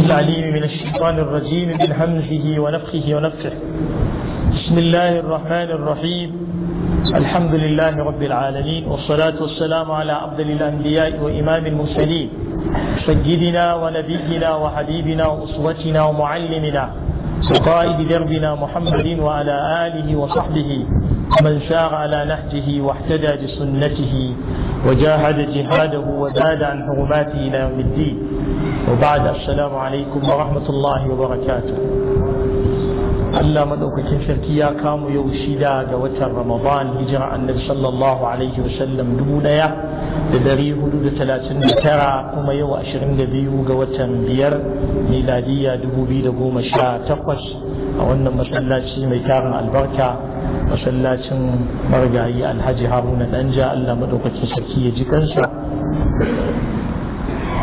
العليم من الشيطان الرجيم من همزه ونفخه ونفخه بسم الله الرحمن الرحيم الحمد لله رب العالمين والصلاة والسلام على عبد الأنبياء وإمام المرسلين سيدنا ونبينا وحبيبنا وأسوتنا ومعلمنا وقائد دربنا محمد وعلى آله وصحبه ومن سار على نهجه واحتدى بسنته وجاهد جهاده وزاد عن حرماته إلى يوم الدين وبعد السلام عليكم ورحمة الله وبركاته Allah maɗaukakin sarki ya kamo yau shida ga watan Ramadan hijira annabi sallallahu alaihi wasallam dubu daya da dari hudu da talatin da tara kuma yau ashirin da biyu ga watan biyar miladiya dubu biyu da goma sha takwas a wannan masallaci mai tarin albarka masallacin margayi alhaji haruna danja Allah madaukakin sarki ya jikansa.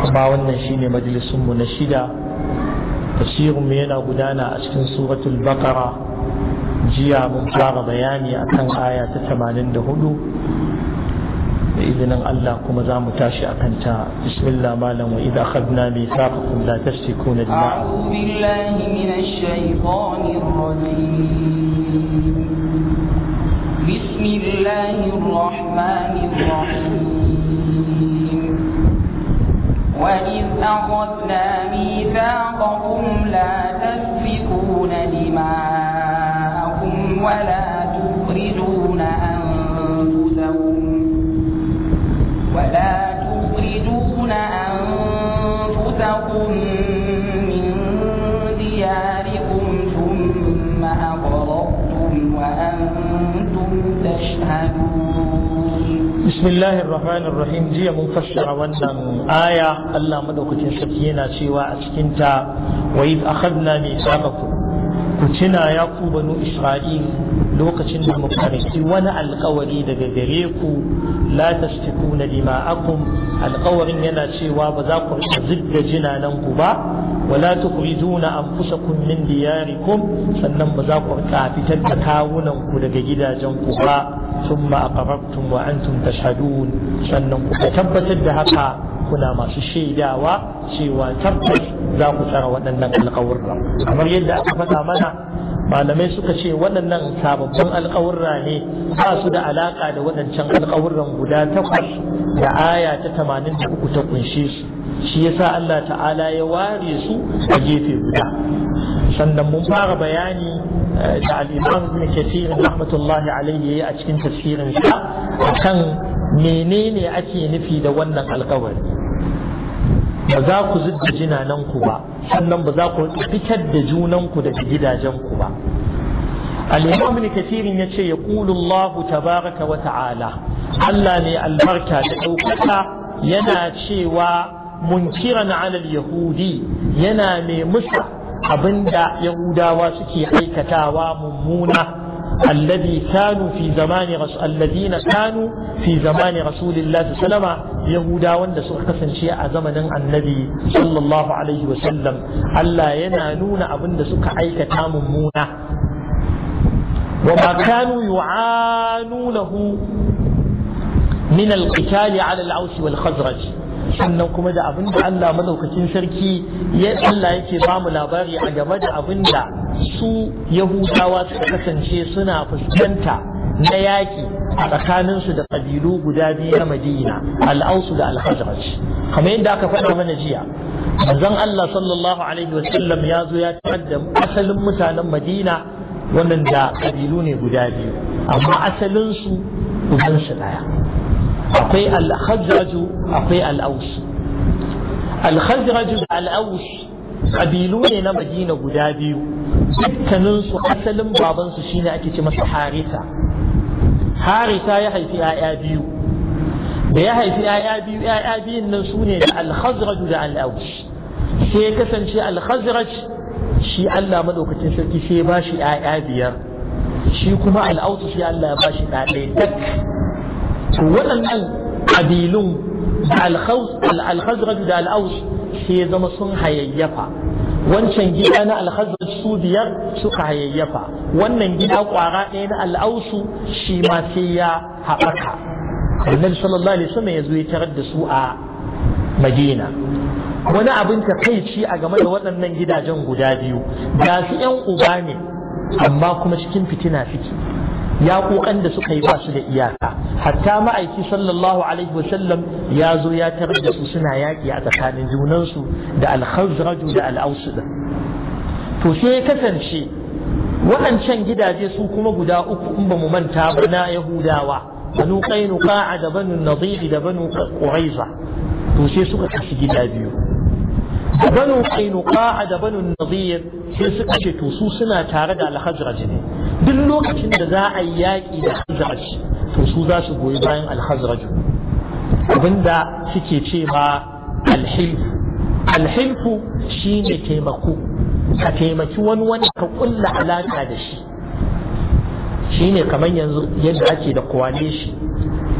amma wannan shine majalisun mu na shida tashirin mu yana gudana a cikin suratul baqara jiya mun fara bayani akan الله كما زعم تاشي أكنتا بسم الله ما لم وإذا أخذنا ميثاقكم لا تشركون الماء أعوذ بالله من الشيطان الرجيم بسم الله الرحمن الرحيم وإذ أخذنا ميثاقكم لا تسفكون دماءكم ولا تخرجون أنفسكم ولا تخرجون أنفسكم من دياركم ثم أقررتم وأنتم تشهدون بسم الله الرحمن الرحيم جي mun fassara wannan aya Allah madaukakin sarki yana cewa a cikin ta wa id akhadna mithaqakum ku ya ku banu isra'il lokacin da mukarraki wani alkawari daga gare ku la tasfikuna dima'akum alkawarin yana cewa ba za ku rika zubda jinanan ku ba wala tukhrijuna anfusakum min diyarikum sannan ba za ku rika fitar da kawunan ku daga gidajen ku ba ma aqarrabtum wa antum tashhadun sannan ku tabbatar da haka kuna masu shaidawa cewa tabbas za ku tsara waɗannan alƙawurra kamar yadda aka faɗa mana malamai suka ce waɗannan sababbin alƙawurra ne ba su da alaƙa da waɗancan alƙawurran guda takwas da aya ta tamanin da uku ta kunshe su shi yasa Allah ta'ala ya ware su a gefe guda sannan mun fara bayani eh, da al'imam ibn kathir rahmatullahi yayi a cikin tafsirin sa kan menene ake nufi da wannan alkawari ba za ku zidda nanku ba sannan ba za ku fitar da junanku daga ku ba al-imam ibn kathir yace yaqulu Allah tabaraka wa ta'ala Allah ne albarka da daukaka yana cewa munkiran 'ala al-yahudi yana mai musa abinda yahudawa suke aikatawa mummuna الذي كانوا في زمان رس... الذين كانوا في زمان رسول الله صلى الله عليه وسلم يهودا وند a zamanin annabi Allah yana nuna abin da suka aikata mumuna. wa ma kanu yu'anunahu min al-qitali 'ala al-aws wal khazraj kuma da abin da Allah madaukakin sarki ya Allah yake ba labari a da abin su yahudawa suka kasance suna fuskanta na yaƙi a tsakaninsu da ƙabilu guda biyu na madina al'ausu da al-hazraj kamar yadda aka faɗa mana jiya manzon Allah sallallahu alaihi wasallam ya zo ya tarar da asalin mutanen madina wannan da ƙabilu ne guda biyu amma asalinsu ubansu ɗaya akwai al-hazraju akwai al-aus al-hazraju da al-aus ƙabilu ne na madina guda biyu dukkaninsu asalin babansu shine ake ce masa harisa harisa ya haifi 'ya'ya biyu da ya haifi 'ya'ya biyu 'ya'ya biyun nan su ne da alhazraj da al'aush sai ya kasance alhazraj shi Allah madaukakin sarki sai ya bashi 'ya'ya biyar shi kuma al'aush shi Allah ya bashi ɗaɗe dak to waɗannan ƙabilun da alhazraj da al'aush sai ya zama sun hayayyafa wancan gida na alhazar su biyar suka hayayyafa wannan gida kwara ɗaya na al'ausu shi ma sai ya haɓaka annabi sallallahu alaihi wasallam ya zo ya tarar da su a madina wani abin takaici a game da waɗannan gidajen guda biyu ga su 'yan uba ne amma kuma cikin fitina suke Ya yaƙoƙan da suka yi ba su da iyaka hatta ma'aiki sallallahu alaihi wasallam ya zo ya tarar da su suna yaƙi a tsakanin junansu da alhazraju da al'ausu to sai ya kasance waɗancan gidaje su kuma guda uku in ba mu manta ba na yahudawa banu Qa'a da banu nadir da banu quraiza to sai suka kashi gida biyu banu Qa'a da banu nadir sai suka ce to su suna tare da alhazraj ne duk lokacin da za a yi yaƙi da alhazraji, to su za su goyi bayan alhazraju abinda suke ce ma alhilfu alhilfu shine taimako ka taimaki wani wanda ka kulla alaƙa da shi Shi ne kamar yanzu yadda ake da kwale shi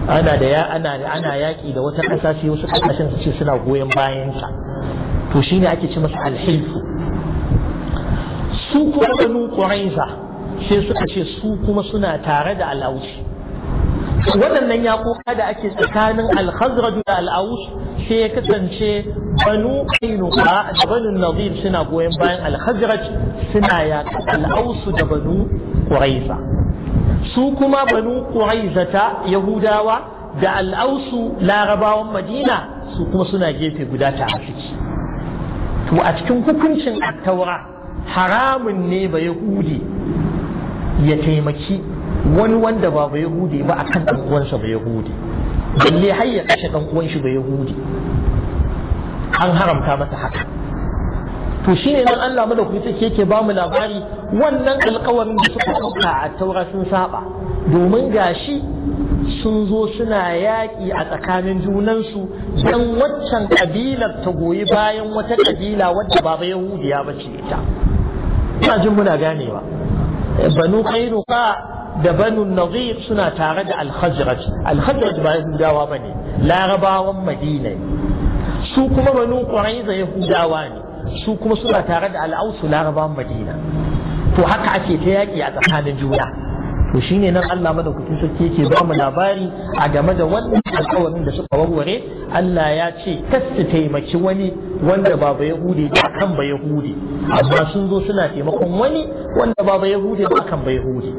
ana da yaƙi da wata ƙasa sai wasu ƙasashen su ce suna goyon bayansa to shine ake ce masa alhilfu su kuma banu quraiza sai suka ce su kuma suna tare da al'ausu waɗannan yaƙoƙa da ake tsakanin alhazraju da al'ausu sai ya kasance banu ainuka da banu nazir suna goyon bayan alhazraj suna yaƙa al'ausu da banu ƙuraiza su kuma banu ƙuraiza ta yahudawa da al'ausu larabawan madina su kuma suna gefe guda ta afiki to a cikin hukuncin attaura haramun ne ba yahudi ya taimaki wani wanda ba ba yahudi ba akan kan uwansa ba yahudi balle har ya kashe ɗan uwan shi ba yahudi an haramta masa haka to shi ne nan Allah madaukaki take yake bamu labari wannan alkawarin da suka ɗauka a taura sun saba domin gashi sun zo suna yaƙi a tsakanin junansu don waccan ƙabilar ta goyi bayan wata ƙabila wadda ba ba yahudiya ba ce ita ina jin muna ganewa banu qainuqa da banu nazir suna tare da al-khazraj al-khazraj ba yahudawa bane larabawan madina su kuma banu quraiza yahudawa ne su kuma suna tare da alausu larabawan madina to haka ake ta yaki a tsakanin juna to shine nan Allah madaukakin sarki yake ba mu labari a game da wannan alƙawarin da suka warware Allah ya ce kas su taimaki wani wanda ba ba yahudi ba kan ba yahudi amma sun zo suna taimakon wani wanda ba ba yahudi ba kan ba yahudi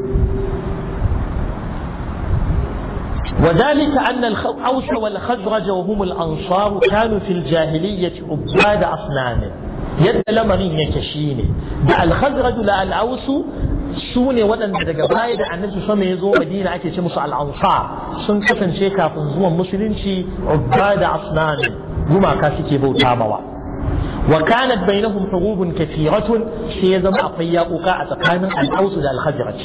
وذلك أن الأوس والخزرج وهم الأنصار كانوا في الجاهلية عباد أصنام يد لمرين يكشيني ده الخزرج لا الأوس su ne waɗanda daga baya da annabi sama ya zo madina ake ce musu al'ansar sun kasance kafin zuwan musulunci da asnani gumaka suke bauta mawa wa kanat bainahum hurubun kathiratun sai ya zama akwai yaƙoƙa a tsakanin al da al-khazraj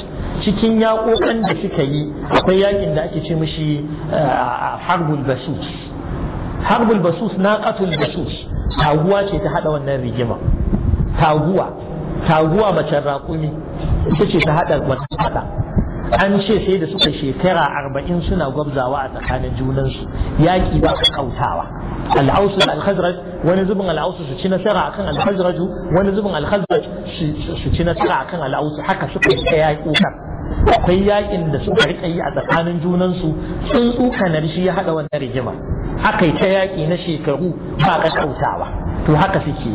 cikin yaƙoƙan da suka yi akwai yaƙin da ake ce mishi eh, harbul basus harbul basus naqatul basus taguwa ce ta hada wannan rigima taguwa taguwa macen raƙumi ita ce ta haɗa wata haɗa an ce sai da suka shekara arba'in suna gwabzawa a tsakanin junansu yaƙi ba ka kautawa al'ausu da alhazraj wani zubin al'ausu su ci nasara akan alhazraju wani zubin alhazraj su ci nasara akan al'ausu haka suka yi ta yaƙi yaƙukan akwai yaƙin da suka riƙa yi a tsakanin junansu sun tsukanar shi ya haɗa wannan rigima aka yi ta yaƙi na shekaru ba ka kautawa to haka suke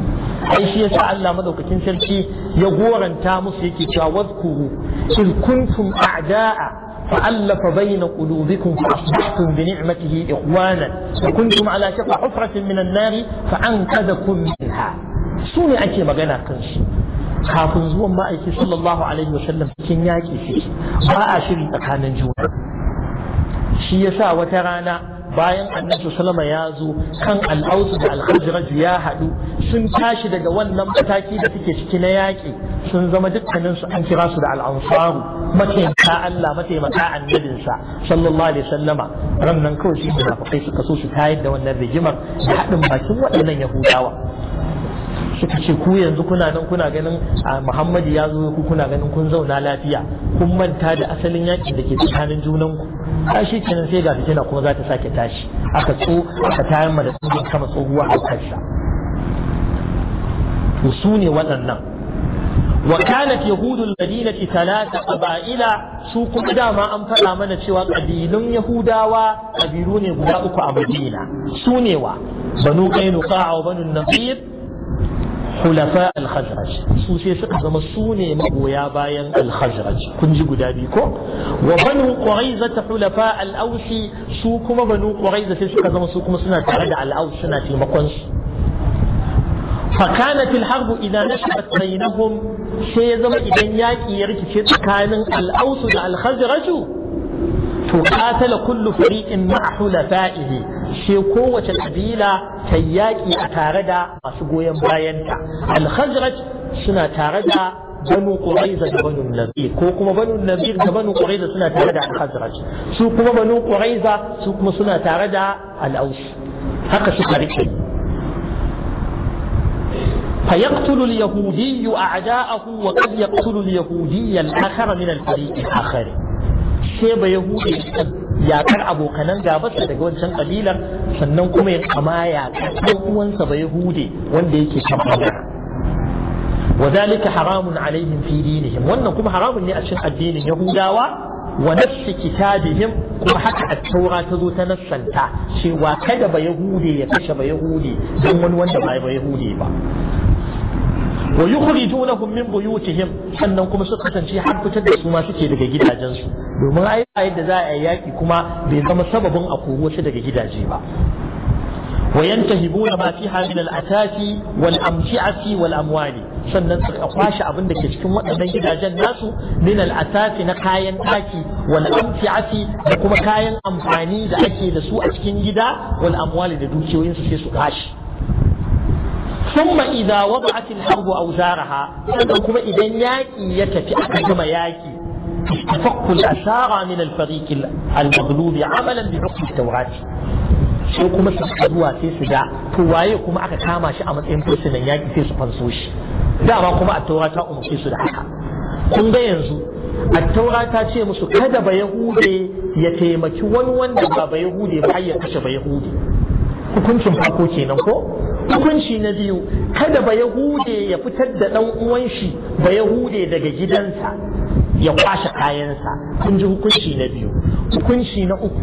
ai shi yasa Allah maɗaukacin sarki ya goranta musu yake cewa wadkuru in kuntum a'da'a fa'allafa baina qulubikum fa asbahtum bi ni'matihi ikhwanan wa kuntum ala shafa hufratin minan nari fa anqadhakum minha su ne ake magana kan shi kafin zuwan ma'aiki sallallahu alaihi wasallam cikin yaki shi ba a shiri tsakanin juna shi yasa wata rana bayan annabi sallama ya zo kan al'ausu da al-khazraj ya haɗu sun tashi daga wannan mataki da suke ciki na yaƙi sun zama dukkanin su an kira su da al-ansaru mataimaka Allah mataimaka annabinsa sallallahu alaihi sallama rannan kawai shi munafikai suka so su tayar da wannan rigimar da haɗin bakin waɗannan yahudawa suka ce ku yanzu kuna nan kuna ganin Muhammadu ya zo ku kuna ganin kun zauna lafiya kun manta da asalin yakin da ke tsakanin junanku Tashi shi kenan sai ga fitina kuma za ta sake tashi aka tso aka tayar da tsohon kama tsohuwa a kansa to su ne waɗannan wa kanat yahudul madinati talata qaba'ila su kuma dama an faɗa mana cewa kabilun yahudawa kabilu ne guda uku a madina su ne wa banu qainuqa wa banu nadir hulafa al-khazraj su sai suka zama sune ne magoya bayan al-khazraj kun ji guda biyu ko wa banu quraiza ta hulafa al su kuma banu quraiza sai suka zama su kuma suna tare da al-aus suna taimakon su فكانت الحرب إذا نشأت بينهم سيزم إذا ياكي يركي tsakanin al'ausu da الخزرج to qatala kullu fariqin ma'a hulafaihi she kowace kabila ta yaki a tare da masu goyon bayanta al-khazraj suna tare da banu quraiza da banu nadir ko kuma banu nadir da banu quraiza suna tare da al-khazraj su kuma banu quraiza su kuma suna tare da al-aus haka suka rike فيقتل اليهودي أعداءه وقد يقتل اليهودي الآخر من الفريق الآخر sai ba yahudi yakar abokanan gabarsa daga wancan kabilar sannan kuma ya kama yakar ɗan uwansa ba yahudi wanda yake kan وذلك حرام عليهم في Wannan kuma haramun ne a cikin addinin Yahudawa wa nafsi kitabihim kuma haka at-taura ta zo ta nasanta? cewa kada ba yahude ya kashe ba yahude don wani wanda ba ba yahude ba wa yukhrijunahum min buyutihim sannan kuma su kasance har fitar da su ma suke daga gidajensu domin ai yadda za a yi yaki kuma bai zama sababin a koro su daga gidaje ba وينتهبون ما فيها Amci الأثاث wal Amwali sannan su kwashe abin da ke cikin waɗannan gidajen nasu min atafi na kayan ɗaki wal amti'ati da kuma kayan amfani da ake da su a cikin gida wal amwali da dukiyoyinsu sai su kwashe idan إذا ya tafi aka كما إذا ياكي يكفي كما ياكي استفق الأسارى من الفريق المغلوب عملا بحكم التوراة sai kuma su zuwa sai su da to waye kuma aka kama shi a matsayin fursunan yaƙi sai su fanso shi dama kuma attaura ta umarci su da haka kun ga yanzu attaura ta ce musu kada ba yahude ya taimaki wani wanda ba ba yahude ba ya kashe ba yahude hukuncin farko kenan ko hukunci na biyu kada ba hude ya fitar da dan uwan shi ba hude daga gidansa ya kwashe kayansa kun ji hukunci na biyu hukunci na uku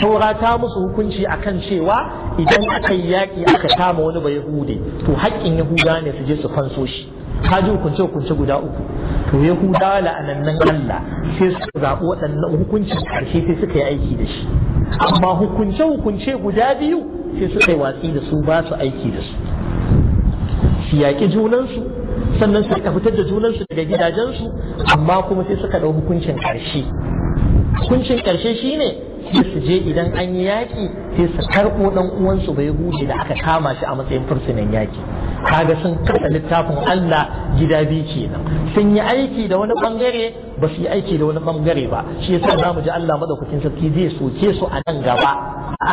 taura ta musu hukunci akan cewa idan aka yi yaƙi aka kama wani ba yahude to haƙƙin yahuda ne su je su fanso shi ka ji hukunce hukunce guda uku to yahuda la'anannan Allah sai su zaɓi waɗannan hukuncin ƙarshe sai suka yi aiki da shi amma hukunce hukunce guda biyu sai suka yi watsi da su ba su aiki da su su yaƙi junansu sannan suka fitar da junansu daga gidajensu amma kuma sai suka ɗau hukuncin ƙarshe hukuncin ƙarshe shine sai su je idan an yi yaƙi sai su karɓo ɗan uwansu bai buɗe da aka kama shi a matsayin fursunan yaƙi kaga sun kasa littafin Allah gida biyu kenan sun yi aiki da wani bangare ba su yi aiki da wani bangare ba shi yasa zamu ji Allah madaukakin sarki zai soke su a nan gaba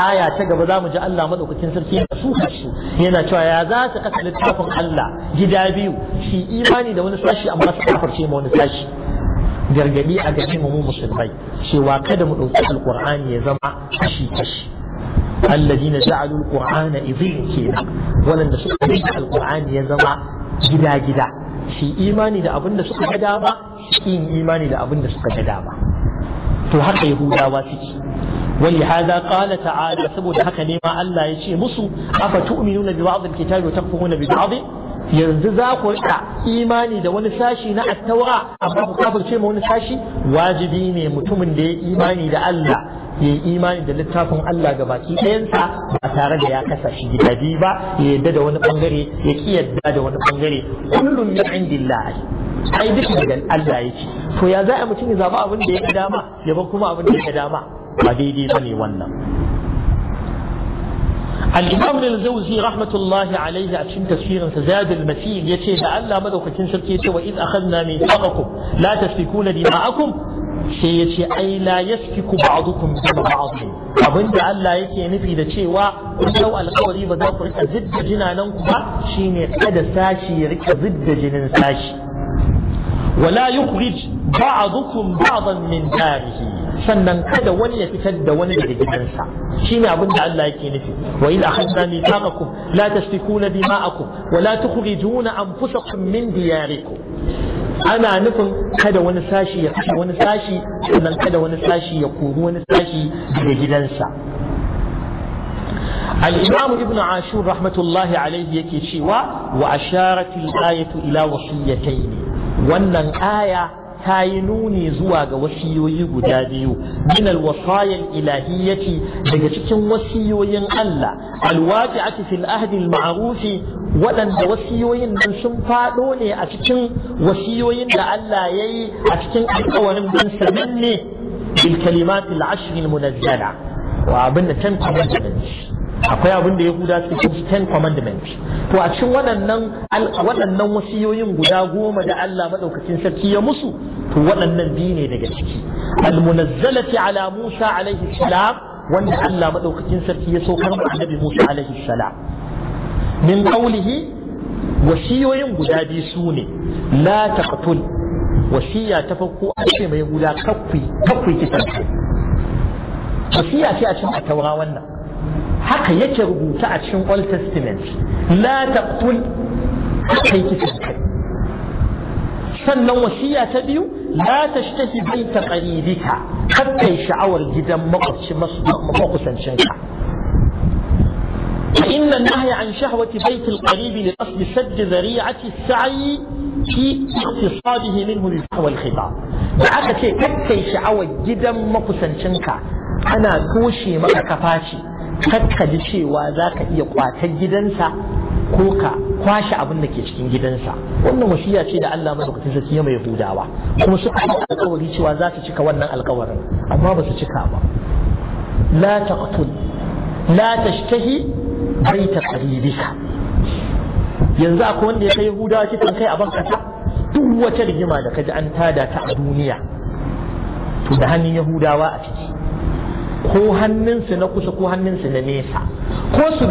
aya ta gaba zamu ji Allah madaukakin sarki yana suka su yana cewa ya za su kasa littafin Allah gida biyu shi imani da wani sashi amma su kafarce ma wani sashi gargadi a gare mu musulmai cewa kada mu ɗauki alkur'ani ya zama kashi kashi alladina ja'alul qur'ana idhin kenan wanda suka yi alqur'ani ya zama gida gida shi imani da abin da suka ga dama shi yin imani da abin suka ga dama to haka yahudawa suke ولهذا قال تعالى سبب حكى لما الله يشي مصر أفتؤمنون ببعض الكتاب وتكفرون ببعض yanzu za ku riƙa imani da wani sashi na attaura amma ku kafirce ma wani sashi wajibi ne mutumin da ya imani da Allah ya yi imani da littafin Allah ga baki ɗayansa ba tare da ya kasa shi gida biyu ba ya yadda da wani bangare ya ki yadda da wani bangare kullum min indillah ai duk daga Allah ya ce, to ya za a mutum ya zaba abin da ya ga dama ya ba kuma abin da ya dama ba daidai bane wannan الإمام الجوزي رحمة الله عليه أتشم تفسير زاد المسيح يتشي لألا مدوك تنسب يتشي وإذ أخذنا ميثاقكم لا تسفكون دماءكم sai ya ce ai la yasfiku ba'dukum dama ba'dhin abinda Allah yake nufi da cewa kun dau alƙawari ba za ku rika zidda jinanan ku ba shine kada sashi ya rika zidda jinin sashi wala yukhrij ba'dukum ba'dan min tarihi. sannan kada wani ya fitar da wani daga gidansa shine abin da Allah yake nufi wa idh akhadna mithaqakum la tasfikuna dima'akum wa la tukhrijuna anfusakum min diyarikum ana nufin kada wani sashi ya kashe wani sashi sannan kada wani sashi ya kori wani sashi daga gidansa الإمام ابن عاشور رحمة الله عليه يكي شوى وأشارت الآية إلى وصيتين wannan aya. ta yi nuni zuwa ga wasiyoyi guda biyu min alwasaya ilahiyyati daga cikin wasiyoyin Allah alwaqi'ati fil ahdi al waɗanda wasiyoyin nan sun faɗo ne a cikin wasiyoyin da Allah ya yi a cikin alƙawarin bin sanin ne bil kalimatil al-ashr al-munazzala wa abin da can kuma da shi akwai abin da ya guda su ten commandment to a cikin waɗannan waɗannan wasiyoyin guda goma da Allah madaukakin sarki ya musu to waɗannan biyu ne daga ciki almunazzalati ala Musa alaihi salam wanda Allah madaukakin sarki ya saukar da annabi Musa alaihi salam min qawlihi wasiyoyin guda biyu su ne la taqtul wasiya ta farko a ce mai guda kakwi kakwi kisan wasiya ce a cikin atawa wannan haka yake rubuta a cikin old testament la taqtul kai kisan kai sannan wasiya ta biyu la tashtahi baita qaribika kar kai sha'awar gidan makwabci makusancinka فإن النهي عن شهوة بيت القريب لقصد سد ذريعة السعي في اقتصاده منه للشهوة الخطاب بعد شيء كتي شعوة جدا مقسن شنكا أنا توشي مكا كفاشي kakka ji cewa za ka iya kwata gidansa ko ka kwashe abin da ke cikin gidansa wannan wasiya ce da Allah madaukakin sarki ya mai hudawa kuma suka yi alkawari cewa za su cika wannan alkawarin amma ba su cika ba la taqtul la tashtahi baita qaribika yanzu akwai wanda ya kai hudawa cikin kai a bankata duk wata rigima da ka ji an tada ta a duniya to da hannun yahudawa a ciki ko hannunsu na kusa ko hannunsu na nesa ko su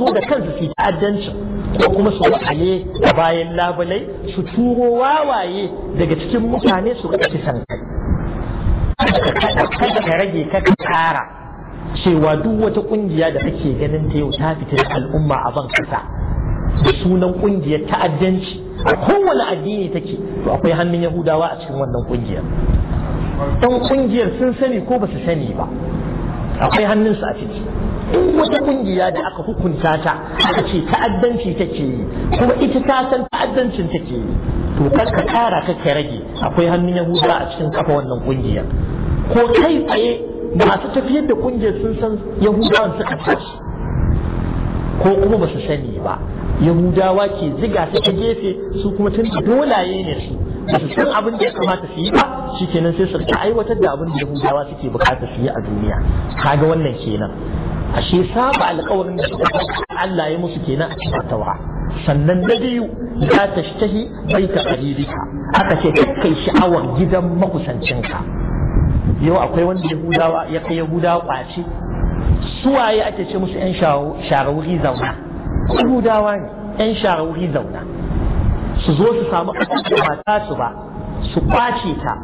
zo da kansu su ta'addancin ko kuma su wa'ale a bayan labulai su turo wawaye daga cikin mutane su rika kisan kada ka rage ka kara cewa duk wata kungiya da kake ganin ta yau ta fita da al'umma a ban kasa da sunan kungiyar ta'addanci a kowane addini take to akwai hannun yahudawa a cikin wannan kungiyar Ɗan kungiyar sun sani ko ba su sani ba akwai hannunsu a ciki in wata kungiya da aka hukunta ta aka ce ta'addanci take yi kuma ita ta san ta'addancin take yi to kar ka kara ka rage akwai hannun Yahudawa a cikin kafa wannan kungiyar ko kai tsaye masu tafiyar da kungiyar sun san yahudawan suka tashi ko kuma ba su sani ba yahudawa ke ziga su ta gefe su kuma tun dolaye ne su ba su san abin da ya kamata su yi ba shi kenan sai su rika aiwatar da abin da yahudawa suke bukata su yi a duniya kaga wannan kenan ashe saba alƙawarin da Allah ya musu kenan a cikin taura sannan na biyu ya bai ta ka. aka ce kai sha'awar gidan makusancinka yau akwai wanda yahudawa ya kai yahudawa kwace suwaye ake ce musu yan sharawuri zauna yahudawa ne yan sharawuri zauna su zo su samu ƙasar da ba tasu ba su kwace ta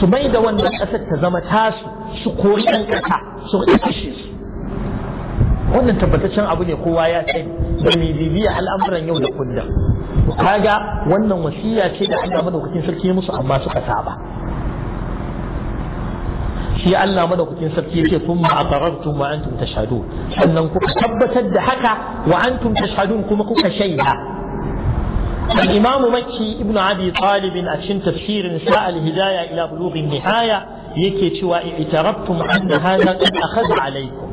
su mai da wannan ƙasar ta zama tasu su kori ɗan ƙasa su kashe su wannan tabbataccen abu ne kowa ya sani da mai bibiya al'amuran yau da kullum kaga wannan wasiya ce da Allah madaukakin sarki musu amma suka saba shi Allah madaukakin sarki yake kuma aqarrartum wa antum tashhadun sannan kuka tabbatar da haka wa antum tashhadun kuma kuka shaida الإمام مكي ابن أبي طالب أشن tafsirin نساء الهداية إلى بلوغ النهاية yake cewa i'tarabtum anna hadha qad akhadha alaykum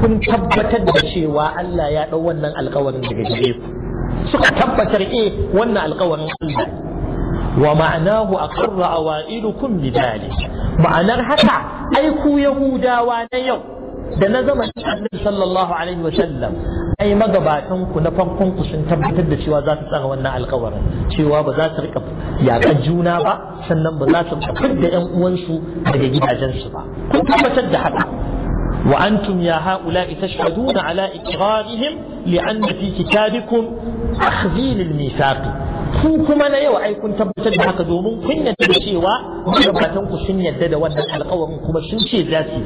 kun tabbatar da cewa Allah ya ɗau wannan alƙawarin daga gare suka tabbatar eh wannan alkawarin Allah wa ma'anahu aqarra awailukum bidhalik ma'anar haka aiku ku yahudawa na yau da na zamanin annabi sallallahu alaihi wa sallam ai magabatan ku na farkon ku sun tabbatar da cewa za su tsara wannan alkawarin cewa ba za su rika yaƙar juna ba sannan ba za su rika fidda ƴan uwansu daga gidajensu ba kun tabbatar da haka wa antum ya haula'i tashhaduna ala iqrarihim li anna fi kitabikum akhdhil al-mithaq ku kuma na yau ai kun tabbatar da haka domin kun yadda cewa magabatan ku sun yadda da wannan alkawarin kuma sun ce za su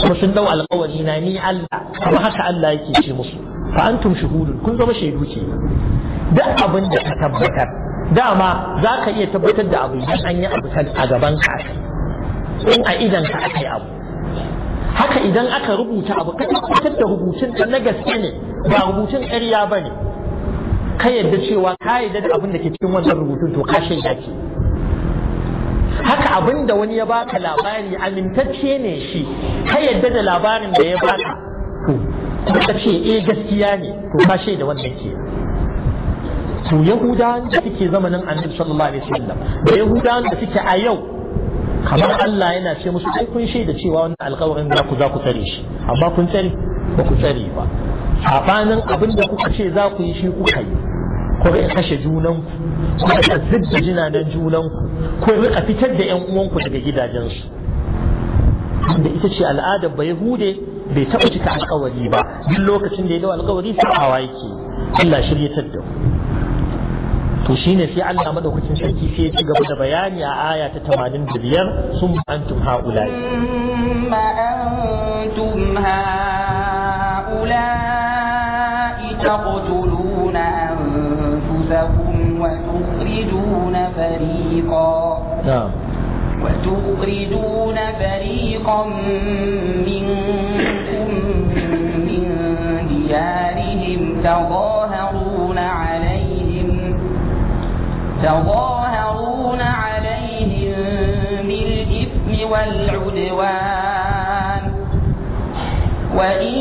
kuma sun dau alƙawari na ni Allah kuma haka Allah yake ce musu fa antum shuhudun kun zama shaidu ke duk abin da ka tabbatar dama za ka iya tabbatar da abu idan an yi abu a gaban ka in a idan ka aka yi abu haka idan aka rubuta abu ka tabbatar da rubutun na gaske ne ba rubutun ƙarya ba ne ka yadda cewa ka yadda da abin da ke cikin wannan rubutun to ka shaida ke haka abin da wani ya baka labari amintacce ne shi ka yadda da labarin da ya baka to ka ce eh gaskiya ne to ka shaida wannan ke to yahudawan da suke zamanin annabi sallallahu alaihi wasallam da yahudawan da suke a yau kamar Allah yana ce musu ai kun shaida cewa wannan alƙawarin da ku za ku tsare shi amma kun tsare ba ku tsare ba sabanin abin da kuka ce za ku yi shi kuka yi ko kashe junanku ku rika jina jinanen junanku ku rika fitar da yan uwanku daga gidajensu da ita ce al'adar bai hude bai taɓa cika alkawari ba duk lokacin da ya dawo alkawari sa'awa yake Allah shiryatar da ku to shine sai Allah madaukakin sarki sai ya ci gaba da bayani a aya ta 85 sun antum haula'i ma antum haula taqtuluna anfusakum فريقا نعم وتخرجون فريقا منكم من ديارهم تظاهرون عليهم تظاهرون عليهم بالإثم والعدوان وإن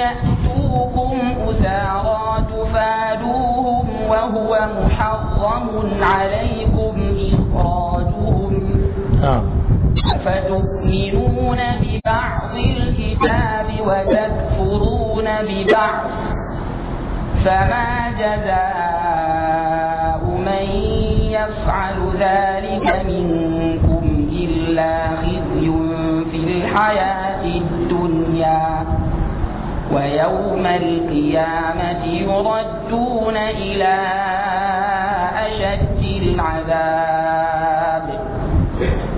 يأتوكم أسارى تفادوهم وهو محرم محرم عليكم إخراجهم نعم. أفتؤمنون ببعض الكتاب وتكفرون ببعض فما جزاء من يفعل ذلك منكم إلا خزي في الحياة الدنيا ويوم القيامة يردون إلى أشد العذاب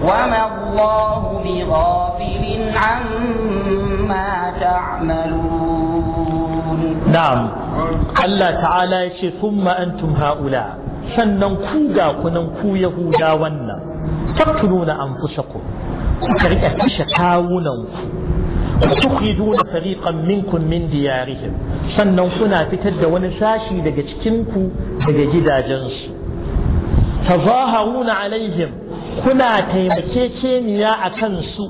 وما الله بغافل عما تعملون نعم الله تعالى يشي ثم أنتم هؤلاء sannan ku ga kunan ku تقتلون أنفسكم كريئة anfusakum ku تخرجون فريقا منكم من ديارهم sannan kuna fitar da wani sashi daga cikin ku daga gidajensu tazaharuna alaihim kuna taimakekeniya a kansu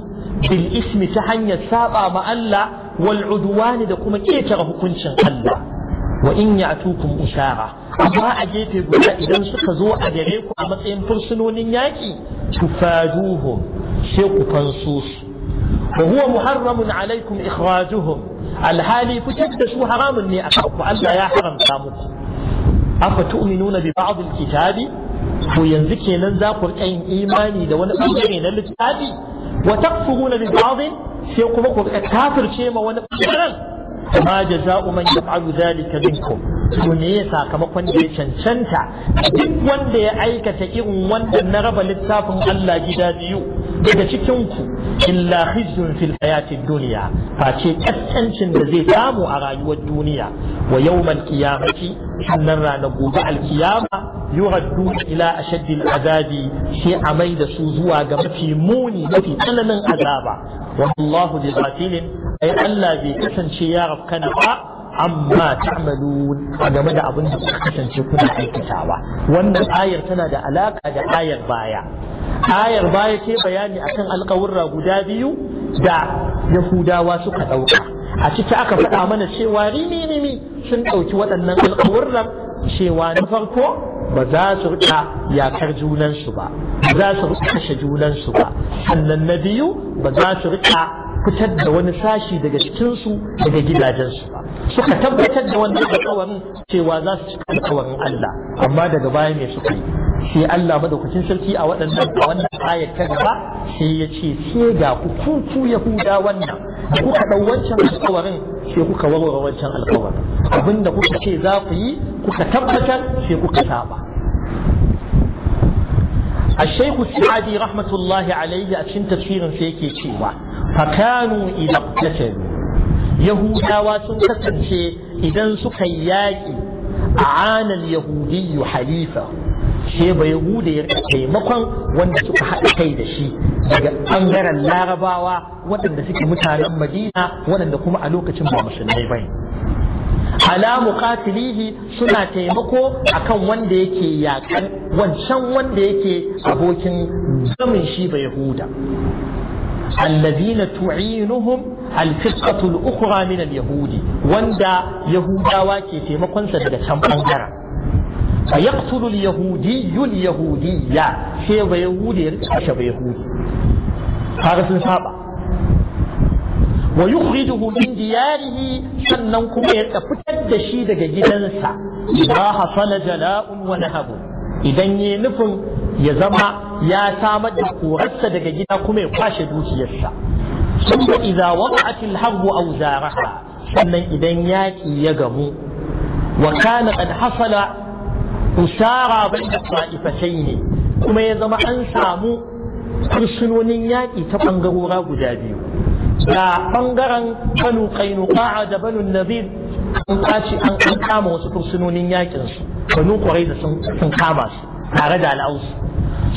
bil ismi ta hanyar saba ma Allah wal udwani da kuma ketare hukuncin Allah wa in ya'tukum usara amma a gefe guda idan suka zo a gare ku a matsayin fursunonin yaki tufaduhum sai ku fanso su وهو محرم عليكم إخراجهم الحالي كنت شو حرام إني أكفر ألا يا حرم سامكم أفتؤمنون ببعض الكتاب وينزك ينزاق الأين إيماني دون أمرين الكتاب وتكفرون ببعض سيقوم أكافر شيما ونقرن ما جزاء من يفعل ذلك منكم to ya sakamakon da ya cancanta duk wanda ya aikata irin wanda na raba littafin Allah gida biyu daga cikin ku illa khizyun fil hayatid dunya face kaskancin da zai samu a rayuwar duniya wa yawmal qiyamati sannan ranar gobe alkiyama yuraddu ila ashaddil azabi sai a mai da su zuwa ga mafi muni mafi tsananin azaba wallahu bi ghafilin ai Allah bai kasance ya rafkana ba amma ta'malun a game da abin da kuka kasance kuna aikatawa wannan ayar tana da alaka da ayar baya ayar baya ce bayani akan alƙawurra guda biyu da yahudawa suka ɗauka a ciki aka faɗa mana cewa rimi rimi sun ɗauki waɗannan alƙawurran cewa na farko ba za su rika yakar junansu ba ba za su rika kashe junansu ba sannan na biyu ba za su rika fitar da wani sashi daga cikinsu daga gidajensu ba suka tabbatar da wannan alƙawarin cewa za su cika alƙawarin Allah amma daga baya me suka yi sai Allah madaukakin sarki a waɗannan a wannan ayat ta gaba sai ya ce sai ga ku Yahuda wannan kuka ɗau wancan alƙawarin sai kuka warware wancan alƙawarin abinda kuka ce za ku yi kuka tabbatar sai kuka saba الشيخ السعدي رحمة الله عليه أشن تفسير فيك شيوا فكانوا إذا اقتتلوا yahudawa sun kasance idan suka yi yaƙi a anan yahudiyu halifa shi ba yahuda ya taimakon wanda suka haɗa kai da shi daga ɓangaren larabawa waɗanda suke mutanen madina waɗanda kuma a lokacin ba musulmai ba ala muqatilihi suna taimako akan wanda yake yakan wancan wanda yake abokin zamin shi ba yahuda الذين تعينهم الفرقة الأخرى من اليهود وندا يهودا واكي تيما كونسا دغا كان بانغارا فيقتل اليهودي اليهودية شي بيهودي يرقش بيهودي هذا سن سابا ويخرجه من دياره sannan kuma ya fitar da shi daga gidansa idan hasala jala'un wa nahabu idan yayi nufin ya zama ya samar da korarsa daga gida kuma ya kwashe dukiyarsa sun da iza waqa'atil harbu aw zaraha sannan idan yaƙi ya gamu wa kana kan hasala usara bayna ne kuma ya zama an samu fursunonin yaƙi ta bangarora guda biyu da ɓangaren banu qainuqa da banu nadir an kaci an kama wasu fursunonin yaƙinsu banu ƙwarai da sun kama su tare da al'ausu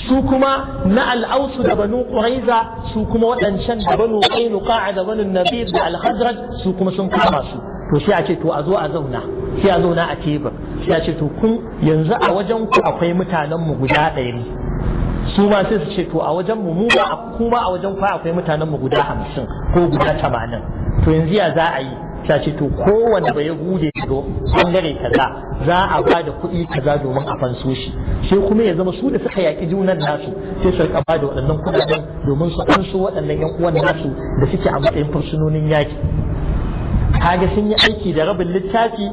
su kuma na al'ausu da banu ƙuraiza su kuma waɗancan da banu ƙainuka da banu nabir da alhazraj su kuma sun kama su to sai a ce to a zo a zauna sai a zauna a tebur sai a ce to kun yanzu a wajen ku akwai mutanen mu guda ɗari su ma sai su ce to a wajen mu kuma a wajen ku akwai mutanen mu guda hamsin ko guda tamanin to yanzu ya za a yi ta ce to kowanne bai hude zo bangare kaza za a ba da kuɗi kaza domin a fanso shi sai kuma ya zama su da suka yaƙi junan nasu sai su rika ba da waɗannan kuɗaɗen domin su fanso waɗannan ƴan uwan nasu da suke a matsayin fursunonin yaki. kaga sun yi aiki da rabin littafi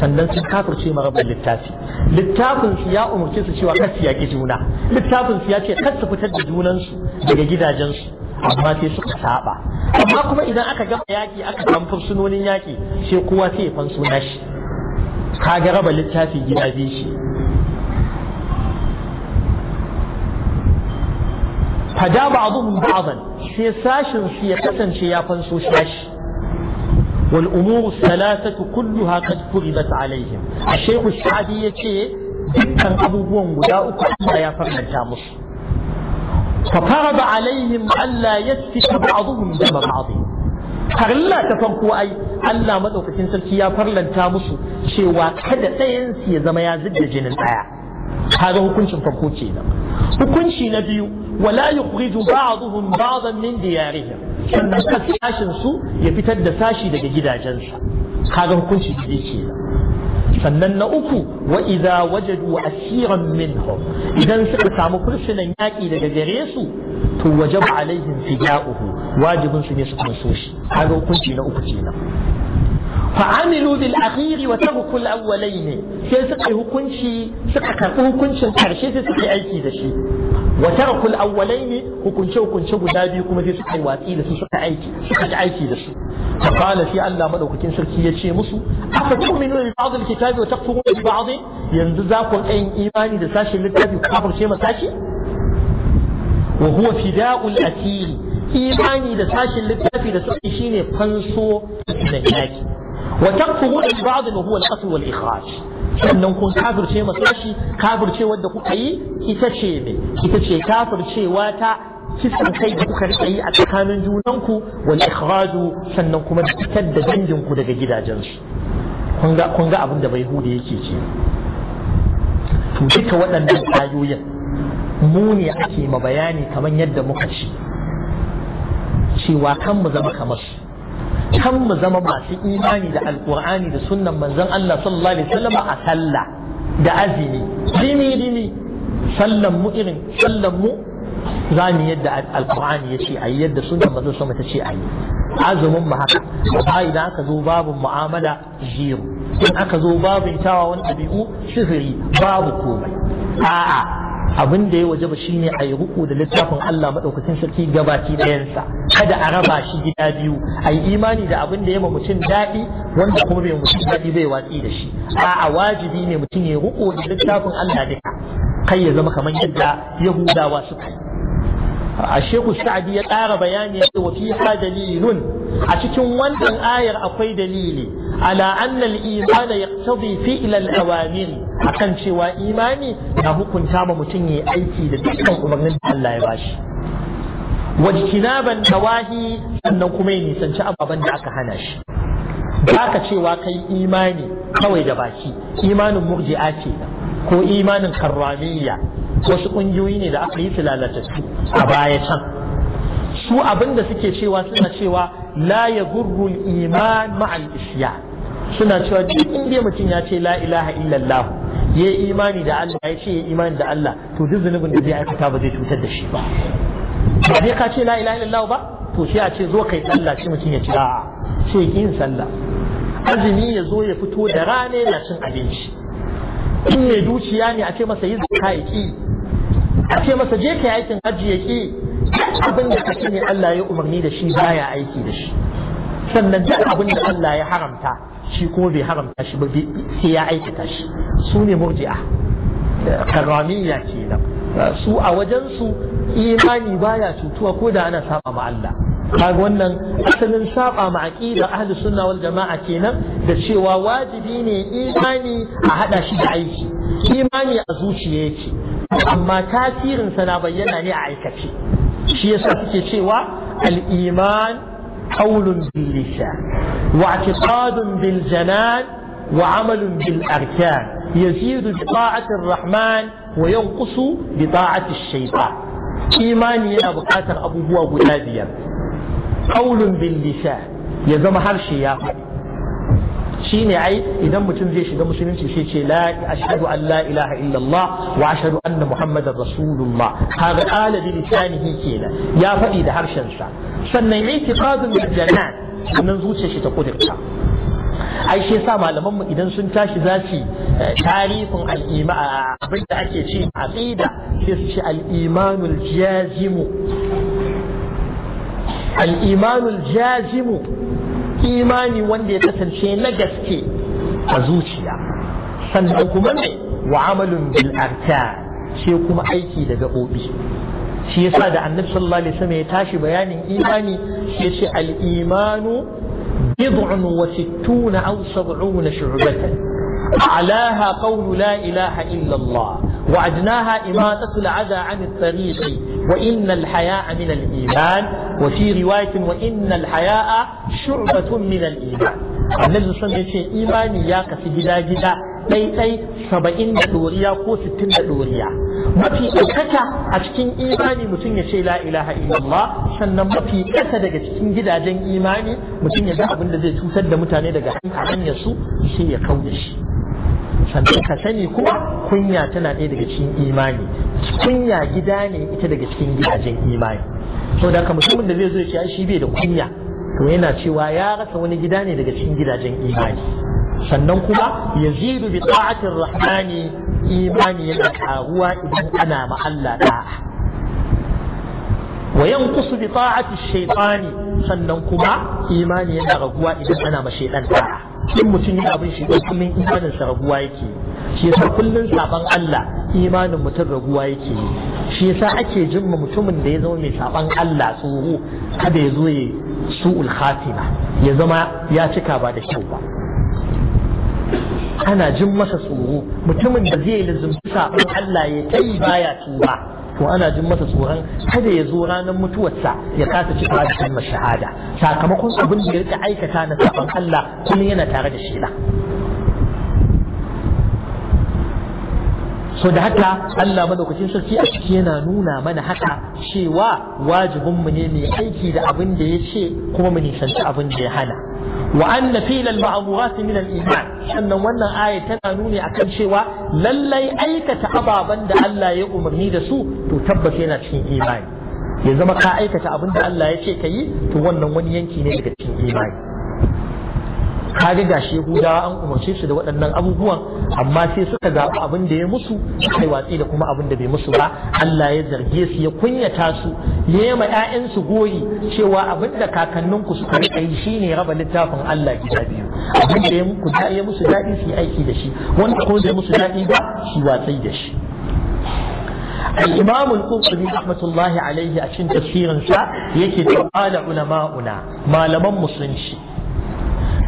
sannan sun kafirce ma rabin littafi littafin su ya umarce su cewa kar su yaƙi juna littafin su ya ce kar su fitar da junansu daga gidajensu amma sai suka saba amma kuma idan aka gama yaki aka san fursunonin yaki sai kowa sai ya fansu nashi kaga raba littafi gida biyu shi fada ba'dhum ba'dhan sai sashin shi ya kasance ya fanso shi wal umuru salatatu kulluha qad furidat alaihim ash-shaykh ash yace dukkan abubuwan guda uku Allah ya farnanta musu ففرض عليهم ألا يسفك بعضهم دم بعض farilla ta farko ai Allah madaukakin sarki ya farlanta musu cewa kada ɗayan ya zama ya zidda jinin ɗaya kaga hukuncin farko kenan hukunci na biyu wala yukhriju ba'dhum ba'dhan min diyarihim sannan kasashin su ya fitar da sashi daga gidajensu. kaga hukunci biyu kenan sannan na uku wa idza wajadu asiran minhum idan suka samu fursunan yaƙi daga gare su to wajaba alaihim fida'uhu wajibin su ne su kunso shi kaga hukunci na uku kenan fa'amilu bil akhiri wa tarku al awwalayn sai suka hukunci suka karɓi hukuncin karshe sai suka yi aiki da shi wa tarku al awwalayn hukunce hukunce guda biyu kuma sai suka yi watsi da su suka aiki suka yi aiki da su فقال في الله مدوكين شركي يشي مسو أفتؤمنون ببعض الكتاب وتكفرون ببعض ينزاكم أين إيماني دساشي للكتاب وكفر شيء مساشي وهو فداء الأسير إيماني دساشي للكتاب دساشي شيني فنسو نجاكي وتكفرون ببعض وهو الأصل والإخراج sannan kun kafirce masashi kafirce wadda kuka yi ita ce mai ita ce kafircewa ta kisan kai da kuka rike yi a tsakanin junanku wal ikhraju sannan kuma da fitar da danginku daga gidajensu kun ga kun ga abin da bai hude yake ce to duka waɗannan ayoyin mu ne ake ma bayani kamar yadda muka ci cewa kan mu zama kamar su kan mu zama masu imani da alkur'ani da sunnan manzon Allah sallallahu alaihi wasallam a sallah da azumi dini dini sallan mu irin sallan mu za mu yadda alkur'ani ya ce a yi yadda sunan manzo sun ta ce a yi azumin mu haka amma idan aka zo babu mu'amala zero in aka zo babin wani ɗabi'u sifiri babu komai a'a abin da ya wajaba shine a yi ruku da littafin Allah maɗaukacin sarki gabaki ɗayansa kada a raba shi gida biyu a yi imani da abin da ya ma mutum daɗi wanda kuma bai mutum daɗi bai watsi da shi a'a wajibi ne mutum ya ruku da littafin Allah duka kai ya zama kamar yadda Yahudawa suka yi a sheku sha'adi ya kara bayani ya ce wa fi ha dalilun a cikin wannan ayar akwai dalili ala anna al-iman yaqtadi fi'l al-awamir akan cewa imani na hukunta wa mutum yayi aiki da dukkan umarnin da Allah ya bashi wajtinaban tawahi sannan kuma ya nisanci ababen da aka hana shi baka cewa kai imani kawai da baki imanin murji'a ce ko imanin karramiyya wasu ƙungiyoyi ne da aka yi su lalatattu a baya can su abin da suke cewa suna cewa la ya iman ma'al isya. suna cewa duk inda mutum ya ce la ilaha illallah ya yi imani da Allah ya ce ya imani da Allah to duk zunubin da zai aikata ba zai cutar da shi ba ba dai ka ce la ilaha illallah ba to sai a ce zo kai sallah shi mutum ya ce a'a sai yin sallah azumi ya zo ya fito da rana yana cin abinci in mai dukiya ne a ce masa yi zakka ya ki a ce masa je ka aikin hajji ya ki abin da kake ne Allah ya umarni da shi baya aiki da shi sannan duk abin da Allah ya haramta shi kuma bai haramta shi ba sai ya aikata shi su ne murji'a karamiya kenan su a wajen su imani baya cutuwa ko da ana saba ma Allah kaga wannan asalin saba ma aqida ahli sunna wal jama'a kenan da cewa wajibi ne imani a hada shi da aiki imani a zuciya yake amma tasirin sa na bayyana ne a aikace shi yasa suke cewa al-iman qawlun bil lisan wa i'tiqadun bil janan wa 'amalun bil arkan يزيد بطاعة الرحمن وينقص بطاعة الشيطان imani yana buƙatar abubuwa guda biyar qaulun bil ya zama harshe ya faɗi shine ai idan mutum zai shiga musulunci sai ce la ashhadu an la ilaha illallah wa ashhadu anna muhammadar rasulullah har qala bi kenan ya faɗi da harshen sa sannan i'tiqadun bil janan sannan zuciya shi ta kudurta ai shi yasa malaman mu idan sun tashi za su eh, tarihin al abinda ake ce aqida sai su ce al jazimu الإيمان الجازم إيماني وندي تسلسي لجسكي أزوشيا سنحكم أمي وعمل بالأركان سيكم أيكي لقبوبي سيصاد عن نفس الله لسمي تاشي بيان إيماني سيصي الإيمان بضع وستون أو سبعون شعبة أعلاها قول لا إله إلا الله وعدناها إماتة العدا عن الطريق وإن الحياء من الإيمان وفي رواية وإن الحياء شعبة من الإيمان النبي صلى الله عليه وسلم إيمان ياك في جدا جدا أي أي سبعين دوريا كو ستين دوريا ما في أكتا أشكين إيماني متنية شيء لا إله إلا الله سنة ما في أكتا دقى شكين جدا جن إيماني متنية دعا بندزي توسد متاني دقى حين يسو شيء يقودش sannan ka sani kuma kunya tana ɗaya daga cikin imani kunya gida ne ita daga cikin gidajen imani to da mutumin da zai zo ya ce shi bai da kunya to yana cewa ya rasa wani gida ne daga cikin gidajen imani sannan kuma yazidu bi ta'atir rahmani imani yana karuwa idan ana ma Allah da'a bi بطاعة shaytani sannan kuma imani yana raguwa idan ana ma shaidan da'a in mutum yi abin shi kullum imanin sa raguwa yake shi yasa kullum saban Allah imanin mutum raguwa yake shi yasa ake ma mutumin da ya zama mai saban Allah tsoro kada ya zo ya su'ul khatima ya zama ya cika ba da kyau ba ana jin masa tsoro mutumin da zai lizumci saban Allah ya kai baya tuba to ana jin masa tsoron kada ya zo ranar mutuwarsa ya kasa cika da kalmar shahada sakamakon abin da ya rika aikata na sabon Allah kullum yana tare da shi so da haka Allah madaukakin sarki a ciki yana nuna mana haka cewa wajibinmu ne mai aiki da abin da ya ce kuma mu nisanci abin da ya hana وأن فيل المعمورات من الإيمان أن ونا آية تنانوني أكل شوى للي أيك تأبا بند ألا يؤمر نيد سوء تتبت لنا في إيمان يزمك أيك تأبند ألا يشيك تو ونا ونينكي نيدك في إيمان kaga shi Yahudawa an umarce su da waɗannan abubuwan amma sai suka zaɓi abin da ya musu kai watsi da kuma abin da bai musu ba Allah ya zarge su ya kunyata su ya ma ƴaƴansu goyi cewa abin da kakanninku suka rika yi shine raba littafin Allah gida biyu abin da ya muku ya musu daɗi su yi aiki da shi wanda ko da musu daɗi ba shi watsi da shi الإمام القرطبي رحمة الله عليه أشن تفسيرا شاء يكي قال علماؤنا ما لم مسلمش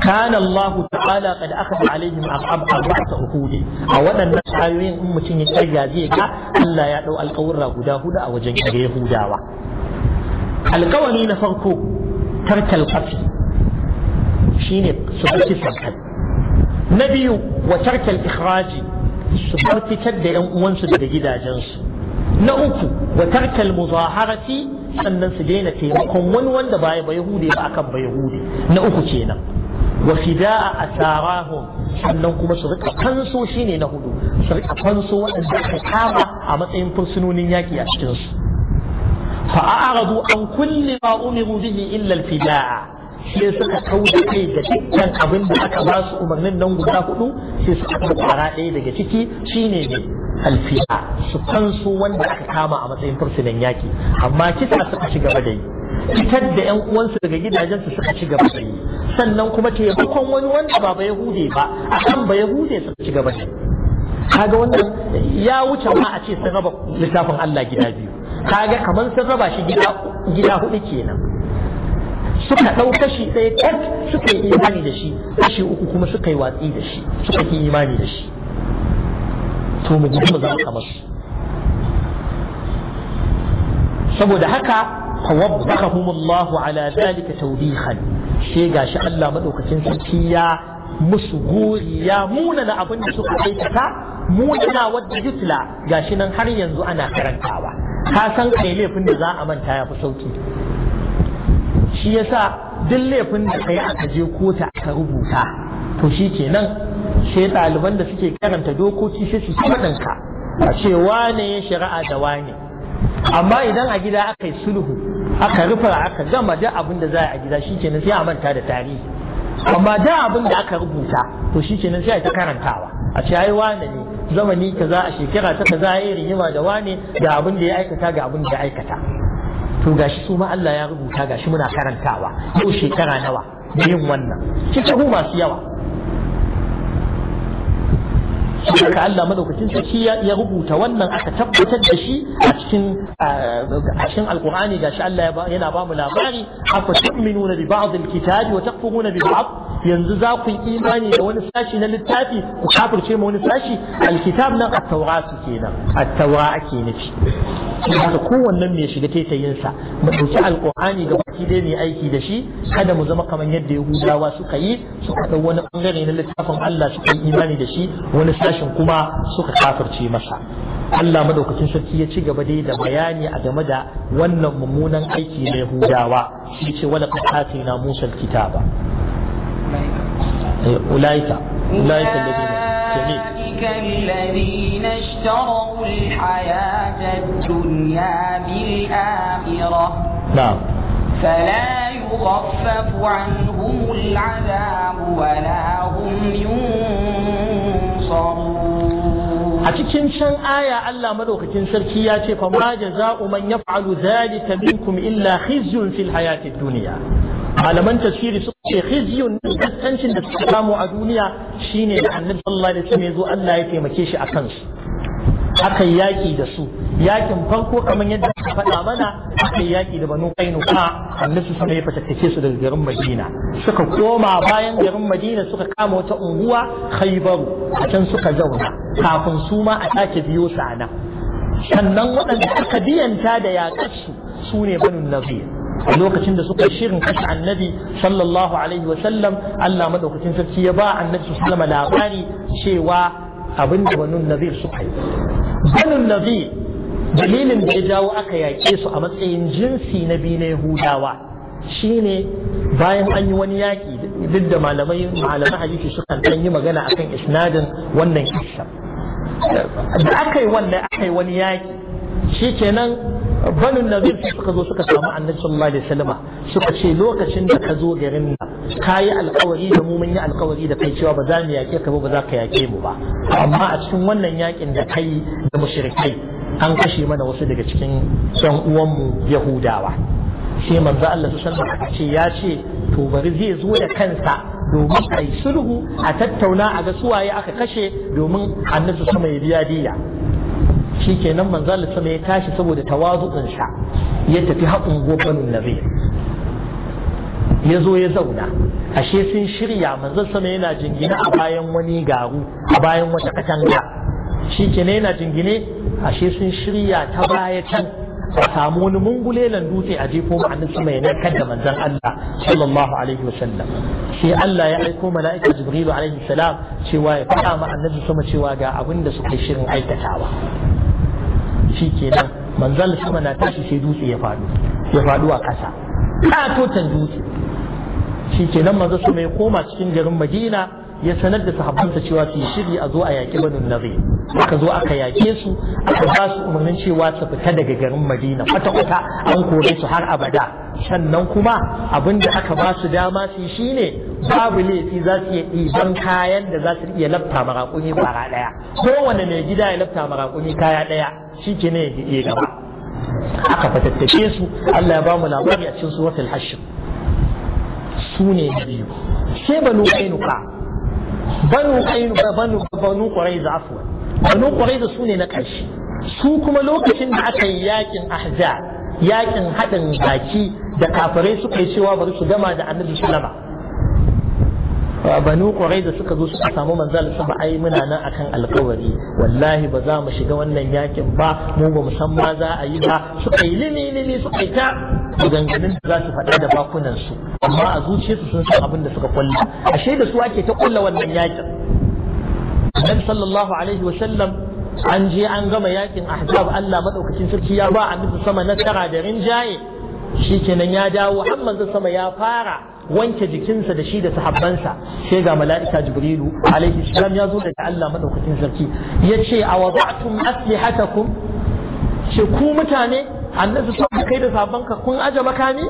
كان الله تعالى قد أخذ عليهم أربعة أخوه أو أن نسعيين أم تنين أجازيك ألا يأتوا القور هدى هدى أو جنك يهودا القوانين فرقوا ترك القتل شيني سبت فرقل نبي وترك الإخراج سبت كد وانسد بجدا جنس نأكو وترك المظاهرة sannan su daina taimakon wani wanda ba ba yahudi ba akan ba yahudi na uku kenan wa a asarahum sannan kuma su rika fanso shine na hudu su rika fanso waɗanda aka kama a matsayin fursunonin yaƙi a cikin su fa'aradu an kulli ma umiru bihi illa al-fida'a sai suka kauda kai da dukkan abin da aka ba su umarnin nan guda hudu sai suka kwara ɗaya daga ciki shine ne alfiya su fanso wanda aka kama a matsayin fursunan yaƙi amma kisa suka shiga da yi fitar da yan uwansu daga gidajensu suka ci gaba da yi sannan kuma taimakon wani wanda ba Yahude ba akan ba hude suka ci gaba da yi kaga wannan ya wuce ma a ce sun raba littafin Allah gida biyu kaga kamar sun raba shi gida hudu kenan suka ɗau kashi ɗaya kat suka yi imani da shi kashi uku kuma suka yi watsi da shi suka yi imani da shi to mu ji mu zama kamar saboda haka فوبخهم الله على ذلك توبيخا شيء gashi Allah madaukakin sarki ya musu gori ya munana abun da suka aikata munana wadda yutla gashi nan har yanzu ana karantawa ka san kai laifin da za a manta ya fi sauki shi yasa duk laifin da kai aka je kota ka rubuta to shi kenan sai ɗaliban da suke karanta dokoki sai su ci ka a ce wane ya shari'a da wane amma idan a gida aka yi sulhu aka rufe aka gama da abin da za a gida shikenan sai a manta da tarihi amma da abin da aka rubuta to shikenan sai a ta karantawa a ce ai wane ne zamani kaza a shekara ta kaza yayi rigima da wane da abin da ya aikata ga abin da ya aikata to gashi su ma Allah ya rubuta gashi muna karantawa yau shekara nawa yin wannan cikin masu yawa haka Allah madaukakin sarki ya rubuta wannan aka tabbatar da shi a cikin a cikin alqur'ani gashi Allah yana ba mu labari afa tu'minuna bi ba'd alkitabi wa takfuruna bi ba'd yanzu za ku yi imani da wani sashi na littafi ku kafirce ma wani sashi alkitab nan at-taura su kenan at-taura ake nufi haka kowannen mai shiga taitayin sa mu dauki alqur'ani ga baki dai mai aiki da shi kada mu zama kamar yadda yahudawa suka yi suka dau wani bangare na littafin Allah suka yi imani da shi wani sashin kuma suka kafirce masa Allah madaukakin sarki ya ci gaba dai da bayani a game da wannan mummunan aiki na Yahudawa shi ce wala qad atina Musa alkitaba أولئك أولئك الذين أولئك الذين اشتروا الحياة الدنيا بالآخرة نعم فلا يخفف عنهم العذاب ولا هم ينصرون a cikin can aya Allah madaukakin sarki ya ce fa ma jaza'u man yaf'alu zalika minkum illa khizyun fil hayatid dunya malaman tasiri su ce khizyun kaskancin da suka samu a duniya shine da annabi sallallahu alaihi wasallam yazo Allah ya taimake shi akan su aka yaki da su yakin farko kamar yadda aka faɗa mana aka yaki da banu qainuqa annabi sun ya fatattake su daga garin Madina suka koma bayan garin Madina suka kama wata unguwa Khaybar a can suka zauna kafin su ma a take biyo su a nan sannan waɗanda aka biyanta da yaƙar su su ne banu nazir lokacin da suka shirin kashe annabi sallallahu alaihi wasallam Allah madaukakin sarki ya ba annabi sallama labari cewa abin da banun nabi suka yi banun nazir dalilin da ya jawo aka yaƙe su a matsayin jinsi na biyu na yahudawa shine bayan an yi wani yaƙi duk da malamai malamai hadisi suka dan yi magana akan isnadin wannan kissa da aka yi wannan aka yi wani yaƙi shikenan banu nazir sai suka zo suka samu annabi sallallahu alaihi wasallama suka ce lokacin da ka zo garin nan ka yi alkawari da mu mun yi alƙawari da kai cewa ba za mu yaƙe ka ba ba za ka yake mu ba amma a cikin wannan yakin da kai da mushrikai an kashe mana wasu daga cikin ɗan uwanmu yahudawa sai manzo Allah sallallahu alaihi wasallam ya ce to bari zai zo da kansa domin a yi sulhu a tattauna a ga suwaye aka kashe domin annabi sama ya biya diya shikenan manzo Allah sama ya tashi saboda tawazu'un sha ya tafi haƙun gobanin nabi ya zo ya zauna ashe sun shirya manzo sama yana jingine a bayan wani garu a bayan wata katanga shikenan yana jingine ashe sun shirya ta baya can a samu wani mungulelan dutse a jefo ma'anin sama ya narkar da manzan Allah sallallahu alaihi wasallam sai Allah ya aiko mala'ika Jibrilu alaihi salam cewa ya faɗa ma annabi sama cewa ga abin da suka shirin aikatawa shi kenan manzal sama na tashi sai dutse ya faɗo ya faɗo a ƙasa ƙatotan dutse shi manzal sama ya koma cikin garin madina ya sanar da sahabbansa cewa su yi shiri a zo a yaƙi banu nazir aka zo aka yaƙe su aka ba su umarnin cewa su fita daga garin madina kwata-kwata an kore su har abada sannan kuma abin da aka ba su dama su yi shine babu laifi za su iya ɗiban kayan da za su iya lafta maraƙuni kwara ɗaya kowane mai gida ya lafta maraƙuni kaya ɗaya shi ke ne ya gaba aka fatattake su Allah ya ba mu labari a cikin suratul hashr su ne biyu sai banu kainuka banu kainuka banu banu quraiza afwan banu quraiza su ne na ƙarshe su kuma lokacin da aka yi yakin ahzab yakin haɗin baki da kafirai suka yi cewa bari su gama da annabi sallama banu kwarai da suka zo suka samu manzal su ai muna nan akan alkawari wallahi ba za mu shiga wannan yakin ba mu ba musamman za a yi ba suka yi limi limi suka yi ta maganganun da za su faɗa da bakunansu su amma a zuciyarsu sun san abin da suka kulla ashe da su ake ta kulla wannan yakin annabi sallallahu alaihi wa sallam an je an gama yakin ahzab Allah madaukakin sarki ya ba annabi sama na tara da rinjaye shikenan ya dawo har manzo sama ya fara wanke jikinsa da shi da sahabbansa sai ga mala'ika jibrilu alaihi salam ya zo daga Allah madaukakin sarki ya ce a wada'tum aslihatakum ce ku mutane annabi sun kai da sahabbanka kun aje makami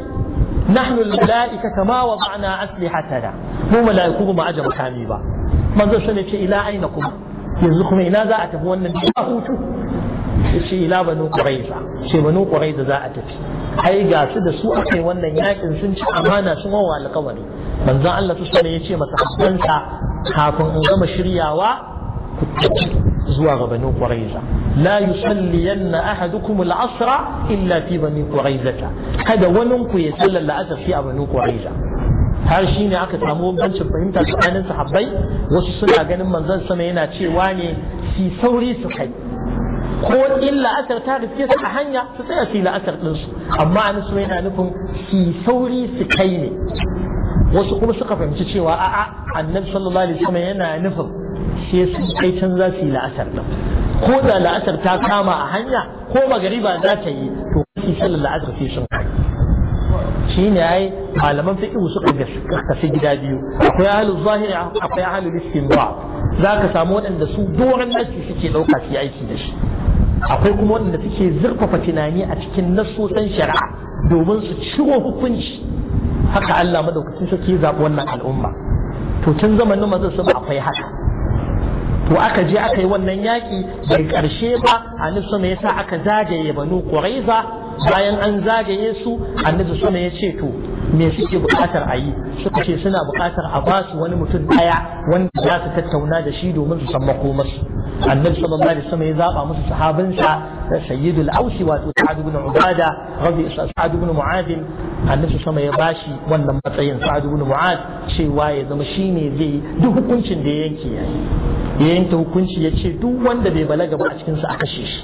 nahnu al-mala'ika kama wada'na aslihatana mu mala'iku ba aje makami ba manzo sai ce ila aina kuma yanzu kuma ina za a tafi wannan hutu ya ce ila banu quraiza ce banu quraiza za a tafi ai ga su da su akai wannan yakin sun ci amana sun wawa alƙawari manzon Allah su alaihi ya ce masahabbansa kafin in gama shiryawa ku tafi zuwa ga banu quraiza la yusalliyanna ahadukum al-asra illa fi bani quraizata kada wani ku ya sallar la'asar fi a banu quraiza har shi ne aka samu bambancin fahimta tsakanin sahabbai wasu suna ganin manzon sama yana cewa ne si sauri su kai ko in la'asar ta riske su a hanya su tsaya su yi la'asar ɗinsu amma a nasu yana nufin su sauri su kai ne wasu kuma suka fahimci cewa a'a annabi sallallahu alaihi wasallam yana nufin sai su kai can za su yi la'asar ɗin ko da la'asar ta kama a hanya ko magariba za ta yi to su sallar la'asar sai sun kai shi ne ai malaman fiqh suka kasu gida biyu akwai ahlul zahiri akwai listin ba. za ka samu waɗanda su doron nasi suke ɗauka su yi aiki da shi akwai kuma wanda suke zurfafa tunani a cikin nasosan shari'a domin su ciro hukunci haka Allah madaukakin sarki ya zaɓi wannan al'umma to tun zamanin manzon sama akwai haka to aka je aka yi wannan yaƙi bai ƙarshe ba annabi sama yasa aka zagaye banu quraiza bayan an zagaye su annabi sama ya ce to me suke buƙatar a yi suka ce suna buƙatar a ba su wani mutum ɗaya wanda za su tattauna da shi domin su san makomarsu annabi sallallahu alaihi wasallam ya zaba musu sahabinsa sayyidul ausi wato sa'ad ibn ubada rabbi sa'ad ibn mu'adh annabi sama ya bashi wannan matsayin sa'ad ibn mu'adh cewa ya zama shine zai duk hukuncin da ya yanke ya yanke hukunci ya ce duk wanda bai balaga ba a cikin sa a kashe shi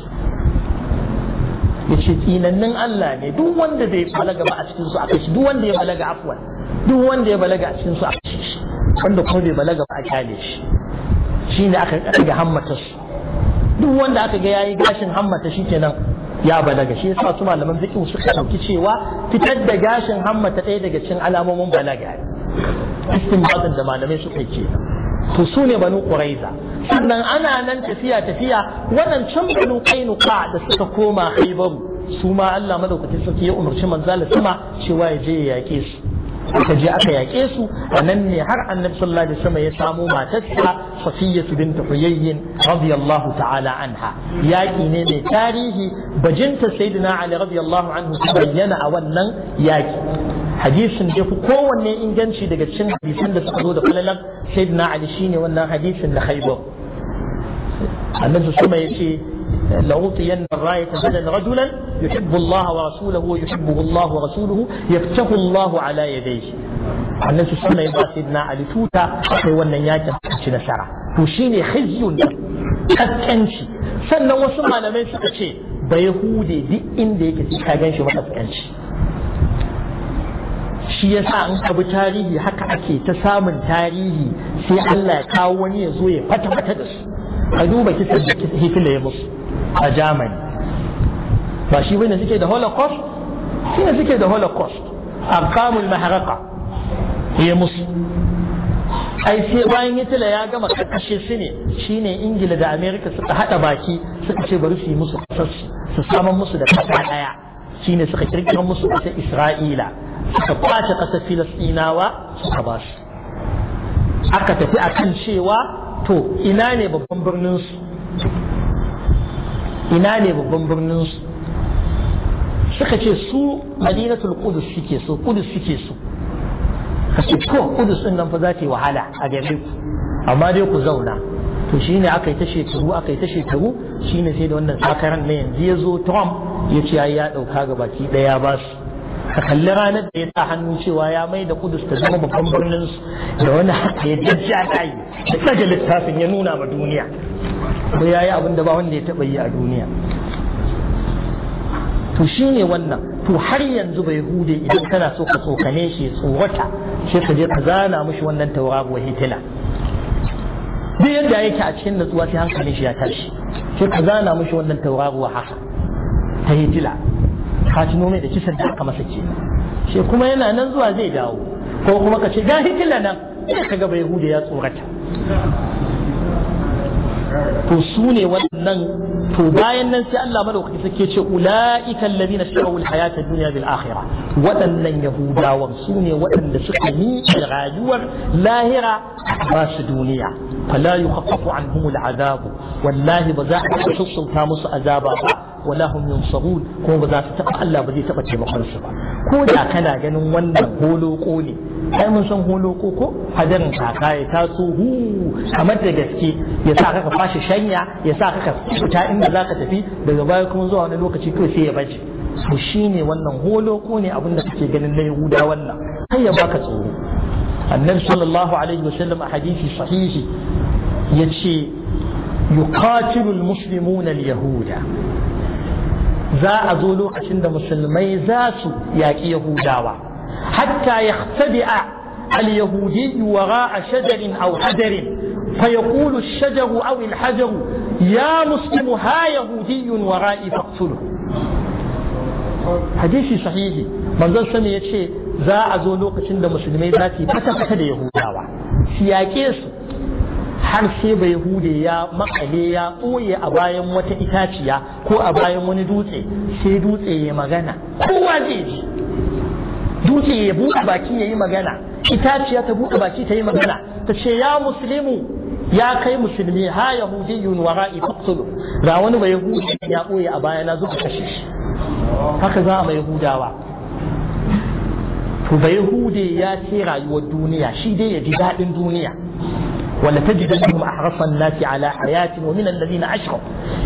ya ce tsinannin Allah ne duk wanda bai balaga ba a cikin su a kashe duk wanda ya balaga afwan duk wanda ya balaga a cikin su a kashe shi wanda kuma bai balaga ba a kyale shi shine aka daga hammata su duk wanda aka ga yayi gashin hammata shi kenan ya balaga shi yasa su malaman fiqh suka dauki cewa fitar da gashin hammata ɗaya daga cikin alamomin balaga istinbatin da malamai suka ce to su ne banu quraiza sannan ana nan tafiya tafiya waɗancan banu qainuqa da suka koma khaybar su ma Allah madaukakin sarki ya umarci manzala sama cewa ya je ya yake su aka je aka yaƙe su a nan ne har annabi sallallahu alaihi wasallam ya samu matarsa safiyatu bint huyayyin radiyallahu ta'ala anha yaƙi ne mai tarihi bajinta sayyidina ali radiyallahu anhu ta bayyana a wannan yaƙi hadisin da ku kowanne inganci daga cikin hadisan da suka zo da falalan sayyidina ali shine wannan hadisin da khaybar annabi sallallahu alaihi wasallam ya ce لأعطين الراية بدلا رجلا يحب الله ورسوله ويحبه الله ورسوله يفتح الله على يديه أن تسمى إذا سيدنا علي توتا وأن ياتي في نشرة تشيني خزي تسكنشي سنة وسمى لما يسكتشي بيهودي دي إندي كتسكنشي وتسكنشي shi ya sa an abu tarihi haka ake ta samun tarihi sai Allah ya kawo wani ya zo ya fata-fata da su a duba kisan da hitler ya musu a germany ba shi bane suke da holocaust shi ne suke da holocaust arkamul maharaka ya musu ai sai bayan hitler ya gama kakashe su ne shine ingila da america suka hada baki suka ce bari su yi musu kasarsu su saman musu da kasa daya shine suka ƙirƙira musu kasa isra'ila suka kwace kasa filistinawa suka ba su aka tafi akan cewa to ina ne babban birnin su ina ne babban birnin su suka ce su madinatul qudus suke su qudus suke su ka ko qudus din nan fa za ta yi wahala a gare ku amma dai ku zauna to shine aka yi ta shekaru aka yi ta shekaru shine sai da wannan sakaran na yanzu ya zo Trump ya ce ya dauka ga baki daya ba su ka kalli ranar da ya sa hannu cewa ya mai da kudus ta zama babban birnin su da wani haka ya jajja layi da tsaga littafin ya nuna ma duniya ko ya yi abin da ba wanda ya taba yi a duniya to shi ne wannan to har yanzu bai hude idan kana so ka tsokane shi tsorata sai ka je ka zana mishi wannan taurabuwa hitila duk yadda yake a cikin natsuwa sai hankalin shi ya tashi sai ka zana mishi wannan taurabuwa haka ta hitila ka tuno mai da kisan da aka masa ke shi kuma yana nan zuwa zai dawo ko kuma ka ce ga hitila nan ina ka gaba yahuda ya tsorata to su ne wannan to bayan nan sai Allah madaukaki sake ce ulaika alladhina sharaw alhayata ad-dunya bil akhirah waɗannan yahudawan su ne waɗanda suka yi rayuwar lahira ba su duniya fala yukhaffafu anhum azabu. wallahi ba za a sassauta musu azaba ba wala hum yunsarun kuma ba za su taba Allah ba zai taba taimakon su ba ko da kana ganin wannan holoko ne ai mun san holoko ko hadarin kaka ya taso hu kamar da gaske ya sa kaka fashi shanya ya sa kaka fita inda za ka tafi daga baya kuma zuwa wani lokaci kai sai ya baje to shine wannan holoko ne abin da kake ganin na Yahuda wannan kai ya baka tsoro annabi sallallahu alaihi wasallam a hadisi sahihi yace yuqatilul muslimuna al-yahuda za a zo lokacin da musulmai za su yaƙi yahudawa hatta ya tabi'a اليهودي وراء شجر أو حجر فيقول الشجر أو الحجر يا مسلم ها يهودي ورائي فاقتله حديث صحيح من ذا سمي يتشي ذا أزولوك شند مسلمين ذاتي فتا فتا يهودا سياكيسو har sai bai hude ya makale ya ɓoye a bayan wata itaciya ko a bayan wani dutse sai dutse ya magana kowa zai ji dutse ya buɗe baki ya yi magana itaciya ta buɗe baki ta yi magana ta ce ya musulmi ya kai musulmi ha yahudiyun wara'i faqtulu ga wani bai hude ya ɓoye a bayan na zuba kashe shi haka za a mai hudawa to bai hude ya ce rayuwar duniya shi dai ya ji daɗin duniya ولتجد منهم أحرص الناس على حياة ومن الذين أشرف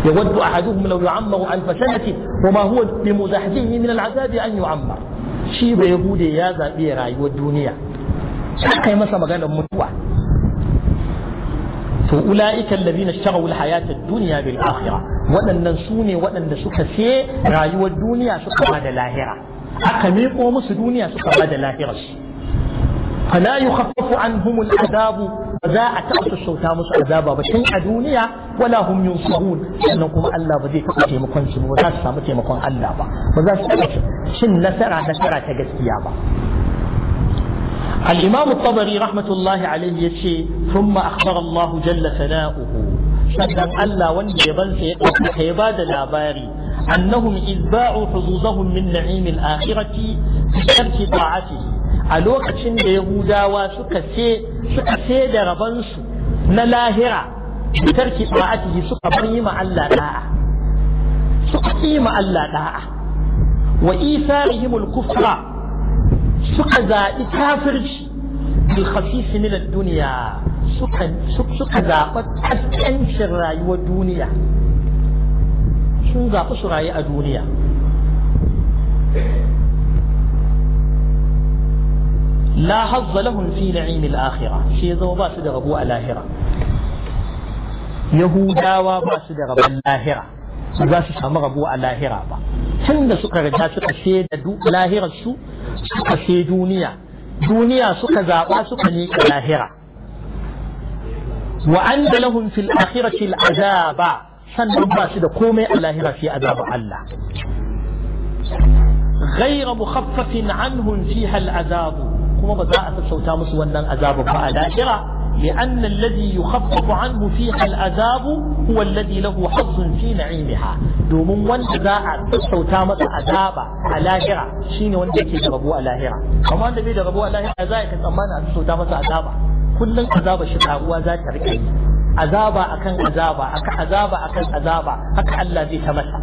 يود أحدهم لو يعمر ألف سنة وما هو بمزحزحه من العذاب أن يعمر شيء بيقول يا ذا والدنيا حتى مثلا قال متوعة. فأولئك الذين اشتروا الحياة الدنيا بالآخرة وأن ننسوني وأن نسك في رأي والدنيا سك هذا الآخرة أكميق ومس الدنيا سك هذا الآخرة فلا يخفف عنهم العذاب ba za a taɓa sassauta musu azaba ba tun a duniya wala hum yunsarun sannan kuma Allah ba zai taɓa taimakon su ba za su samu taimakon Allah ba ba za su taɓa cin nasara nasara ta gaskiya ba الإمام الطبري رحمة الله عليه يشي ثم أخبر الله جل ثناؤه شكرا ألا وندي بل سيقف حيباد الأباري أنهم إذ باعوا حظوظهم من نعيم الآخرة بترك طاعته a lokacin da yahudawa suka suka ce da rabansu na lahira tarki ta'atihi suka bar yi Allah da'a suka yi ma Allah da'a wa isa isarihimul kufra suka zaɓi kafirci bil khafif min ad-dunya suka suka zaɓa kaskancin rayuwar duniya sun zaɓi su rayu a duniya لا حظ لهم في نعيم الآخرة شيء ذو باس دغبو الآخرة يهودا باس دغب الآخرة باس شام غبو الآخرة با تند سكا رجا سكا شيد دو الآخرة سو سكا شيد دونيا دونيا سكا زابا سكا نيك الآخرة وأن لهم في الآخرة العذاب سن باس قومي الآخرة في عذاب الله غير مخفف عنهم فيها العذاب kuma ba za a sassauta musu wannan azabin ba a lahira لأن الذي يخفف عنه فيها العذاب هو الذي له حظ في نعيمها دومون وان ذا أتسو تامة عذابا الاهرة شين وان ذا كي جربوا الاهرة وما ذا بي جربوا الاهرة ذاك تأمان أتسو تامة عذابا كل عذاب شتاغوا ذات ركعي عذابا أكن عذابا أك عذابا أكن عذابا أك الله ذي تمسا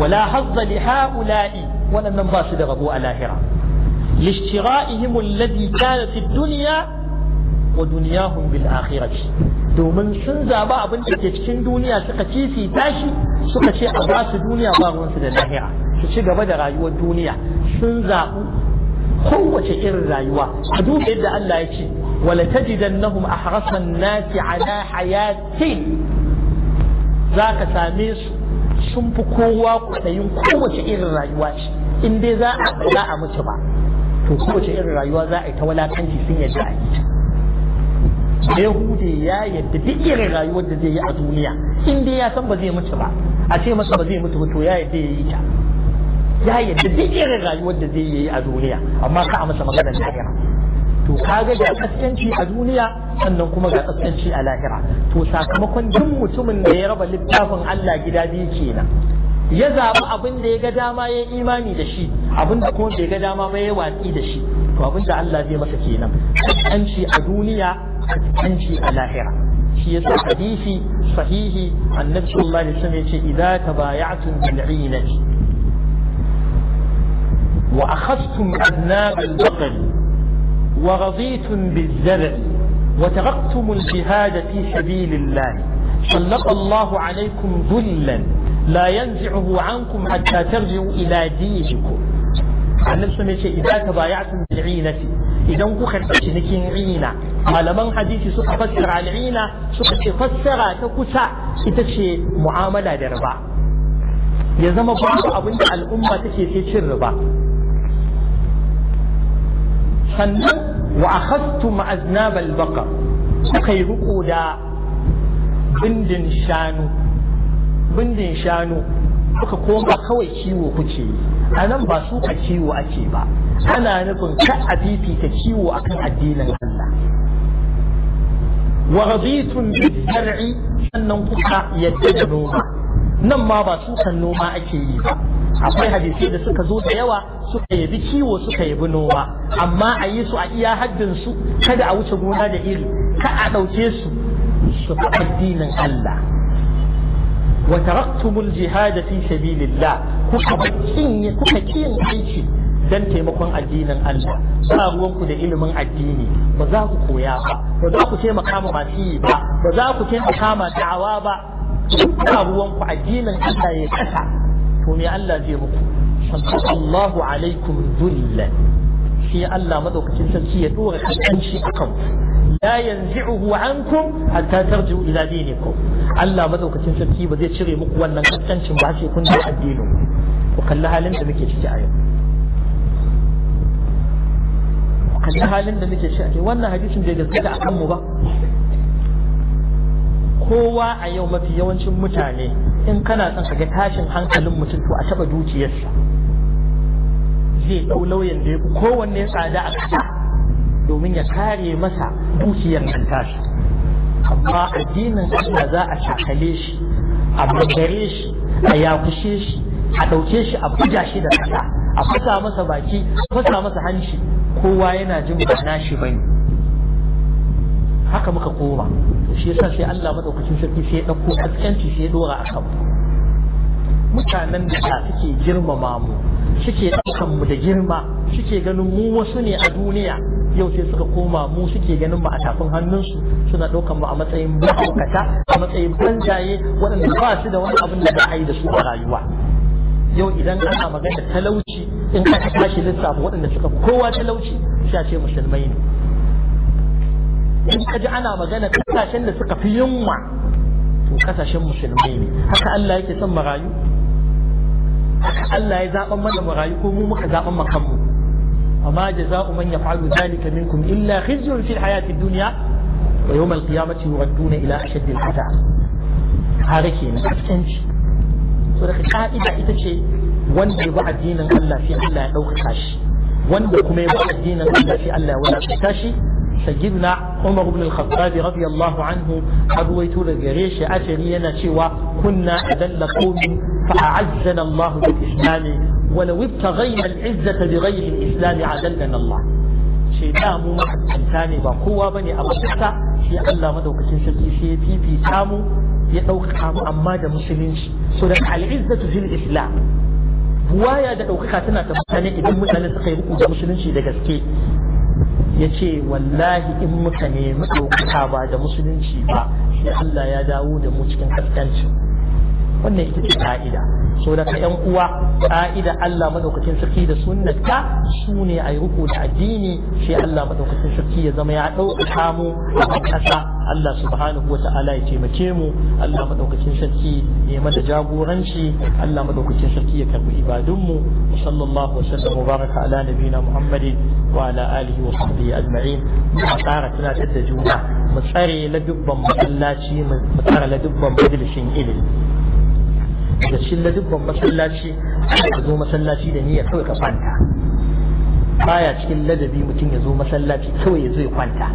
ولا حظ لهؤلاء ولن نباس جربوا الاهرة لاشترائهم الذي كان في الدنيا ودنياهم بالآخرة domin sun zaba abin da ke cikin duniya suka ce su tashi suka ce a basu duniya ba ruwansu da lahira su ci gaba da rayuwar duniya sun zaɓu kowace irin rayuwa a duba yadda Allah ya ce wala tajidannahum ahrasan nasi ala hayatin zaka same su sun fi kowa kudayin kowace irin rayuwa ce in dai za a za a mutu ba to kowace irin rayuwa za a yi ta walakanci sun yadda a yi da Hude ya yadda duk irin rayuwar da zai yi a duniya in dai ya san ba zai mutu ba a ce masa ba zai mutu ba to ya yadda ya yi ta ya yadda duk irin rayuwar da zai yi a duniya amma ka a masa maganar lahira to kaga ga kaskanci a duniya sannan kuma ga kaskanci a lahira to sakamakon duk mutumin da ya raba littafin Allah gida biyu kenan ya zaɓi abin da ya ga dama ya imani da shi abin da kuma bai ga dama ba ya watsi da shi to abin da Allah zai masa kenan kaskanci a duniya kaskanci a lahira shi yasa hadisi sahihi annabi sallallahu alaihi wasallam yace idza tabaya'tum bil 'inati wa akhadhtum adnab al-baqr wa ghadhitum bil-zar'i wa taraktum al-jihad fi sabilillah sallallahu alaikum dhullan لا ينزعه عنكم حتى ترجعوا إلى دينكم عن نفس ما إذا تبايعتم بالعينة إذا انكو خلقش نكين عينة على من حديث سأفسر على العينة سأفسر تكسا إتشي معاملة لربا يزم بعض أبناء الأمة تشي تشير ربا سنن وأخذتم أذناب البقر تخيرقوا دا بند شانو bindin shanu kuka koma kawai kiwo kuke yi a nan ba su ka kiwo ake ba ana nufin ka a ka kiwo akan addinin Allah wa raditun bid-dar'i sannan kuka yadda da noma nan ma ba su kan noma ake yi ba akwai hadisai da suka zo da yawa suka yabi kiwo suka yabi noma amma a yi su a iya haddin su kada a wuce gona da iri ka a ɗauke su su addinin Allah wa jihada jihad fi sabilillah kuka ya kuka kin aiki dan taimakon addinin Allah ba ruwanku da ilimin addini ba za ku koya ba ba za ku taimaka ma masu yi ba ba za ku taimaka ma da'awa ba ba ruwanku addinin Allah ya kasa to me Allah zai muku Allahu alaikum dhillan shi Allah madaukakin sarki ya dora kanci akan ku la yanzi'uhu ankum hatta tarji'u ila dinikum Allah sarki ba zai cire muku wannan kaskancin ba sai kun da addinin ku kalli halin da muke ciki a yau ku kalli halin da muke ciki a yau wannan hadisin bai gaskata akan mu ba kowa a yau mafi yawancin mutane in kana son ka ga tashin hankalin mutum a taba zai tsada a domin ya kare masa dukiyar nan tashi amma addinin Allah za a shakale shi a bangare shi a yakushe shi a ɗauke shi a buga shi da ƙasa a fasa masa baki a fasa masa hanci kowa yana jin ba nashi bane haka muka koma to shi yasa sai Allah madaukakin sarki sai ya ɗauko askanci sai ya dora a kan mutanen da suke girmama mu suke ɗaukan mu da girma suke ganin mu wasu ne a duniya yau sai suka koma mu suke ganin mu a tafin hannunsu suna ɗaukan mu a matsayin mahaukata a matsayin banjaye waɗanda ba su da wani abin da za a yi da su a rayuwa yau idan ana magana talauci in aka tashi lissafa waɗanda suka kowa talauci sai a ce musulmai ne in ka ji ana magana kasashen da suka fi yunwa to kasashen musulmai ne haka Allah yake son marayu haka Allah ya zaɓan mana marayu ko mu muka zaɓan kanmu? وما جزاء من يفعل ذلك منكم إلا خزي في الحياة الدنيا ويوم القيامة يردون إلى أشد العذاب هذا كينا أفتنش صدق قائدة إذا شيء وان يضع الدين الله في الله أو قتاش وان يقوم يبع الدين الله في الله ولا قتاش سيدنا عمر بن الخطاب رضي الله عنه أبويت لجريش أتنينا شوى كنا أذل قوم فأعزنا الله بالإسلام ولو ابتغينا العزة بغير الإسلام عدلنا الله shi da mu ma'aikanta ne ba kowa bane ne a wajenta sai Allah madaukakin sarki shi ya fifita mu ya ɗaukaka mu amma da musulunci so da al'izzatu fil islam buwaya da ɗaukaka tana tabbata ne idan mutane suka yi riko musulunci da gaske ya ce wallahi in muka nemi ba da musulunci ba sai Allah ya dawo da mu cikin kaskancin wannan ita ce ka'ida so daga yan uwa ka'ida Allah madaukakin sarki da sunnata su ne a yi ruku da addini sai Allah madaukakin sarki ya zama ya ɗauka mu a ƙasa Allah subhanahu Ta'ala ya taimake mu Allah madaukakin sarki ya mata jagoranci Allah madaukakin sarki ya karbi ibadunmu sallallahu alaihi wasallam baraka ala nabiyina Muhammadin wa ala alihi wa sahbihi ajma'in mu tsara tunatar da juna mu tsare ladubban masallaci mu ladubban majalisin ilimi da da dubban masallaci ka zo masallaci da niyyar kawai ka kwanta baya cikin ladabi mutum ya zo masallaci kawai ya zo ya kwanta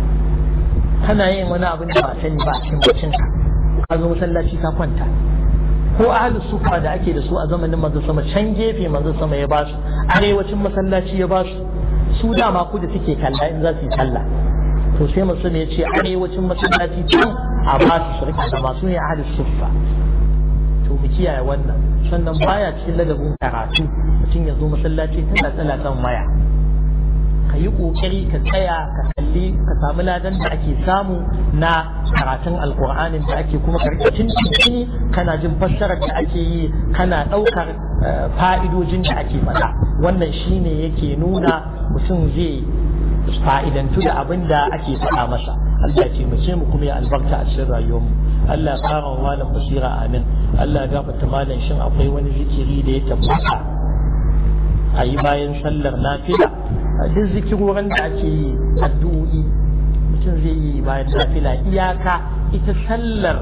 kana yin wani abin da ba sani ba a cikin bacinka ka zo masallaci ka kwanta ko ahli sufa da ake da su a zamanin manzo sama can gefe manzo sama ya ba su? arewacin masallaci ya ba su Su dama ku da suke kalla in za su yi sallah to sai mutum ya ce arewacin masallaci can a ba su rika da masu ne ahli sufa to kiyaye wannan sannan baya cikin ladabin karatu mutum ya zo masallaci tana tsala kan waya ka yi ƙoƙari ka tsaya ka kalli ka samu ladan da ake samu na karatun alƙur'anin da ake kuma karkacin cikin kana jin fassarar da ake yi kana ɗaukar eh, fa'idojin da ake faɗa wannan shine yake nuna mutum zai fa'idantu da abin da ake faɗa masa Allah ya ce mu kuma ya albarka a cikin rayuwarmu Allah ya ƙara wa basira amin Allah gafarta malam shin akwai wani zikiri da ya tabbata a yi bayan sallar nafila a duk zikirorin da ake yi addu'o'i mutum zai yi bayan nafila iyaka ita sallar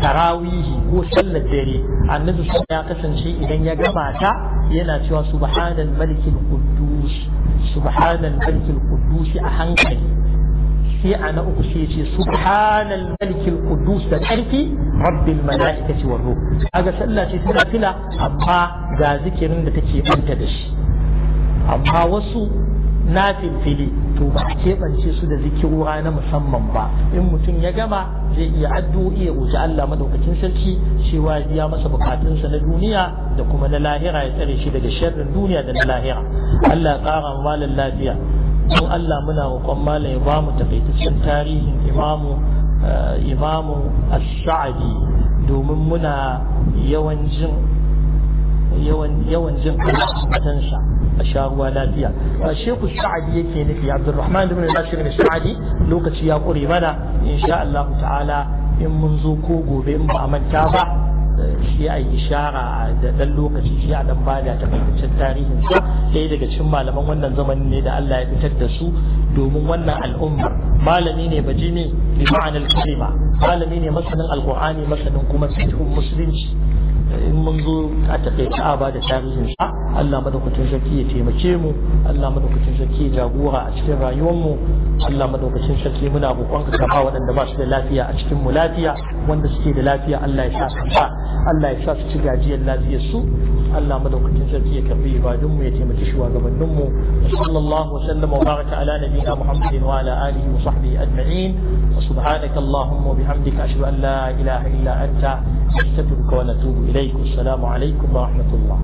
tarawihi ko sallar dare annabi sun ya kasance idan ya gabata, yana cewa subhanal malikil qudus subhanal malikil qudus a hankali sai a na uku sai ce subhanal malikil qudus da tsarki rabbil ce warro. ruh ga sallah ce tana fila amma ga zikirin da take manta da shi amma wasu na filfili to ba a keɓance su da zikirwa na musamman ba in mutum ya gama zai iya addu'o'i ya roƙi Allah madaukakin sarki cewa ya masa bukatunsa na duniya da kuma na lahira ya tsare shi daga sharrin duniya da na lahira Allah ya ƙara malam lafiya don Allah muna roƙon malam ya ba mu takaitaccen tarihin imamu eh, imamu ash-sha'bi domin muna yawan yawan jin sa a sharuwa lafiya a sheku sha'adi yake nufi abdurrahman ibn bashir da sha'adi lokaci ya kure mana insha Allah ta'ala in mun zo ko gobe in ba manta ba shi a ishara da ɗan lokaci shi a ɗan bada takaitaccen tarihin sa ɗaya daga cikin malaman wannan zamanin ne da Allah ya fitar da su domin wannan al'ummar malami ne bajimi bi ma'anar kalima malami ne masanin alkur'ani masanin kuma cikin musulunci in mun zo a takaice a bada tarihin sa Allah madaukakin sarki ya taimake mu Allah madaukakin sarki ya jagora a cikin rayuwar mu Allah madaukakin sarki muna roƙon ka ba waɗanda ba su da lafiya a cikin mu lafiya wanda suke da lafiya Allah ya sa su Allah ya sa su ci gajiyar lafiyar su Allah madaukakin sarki ya karbi ibadun mu ya taimaki shugabannin mu sallallahu wa sallama wa baraka ala nabiyina Muhammadin wa ala alihi wa sahbihi ajma'in wa subhanaka Allahumma بحمدك أشهد أن لا إله إلا أنت أستغفرك ونتوب إليك والسلام عليكم ورحمة الله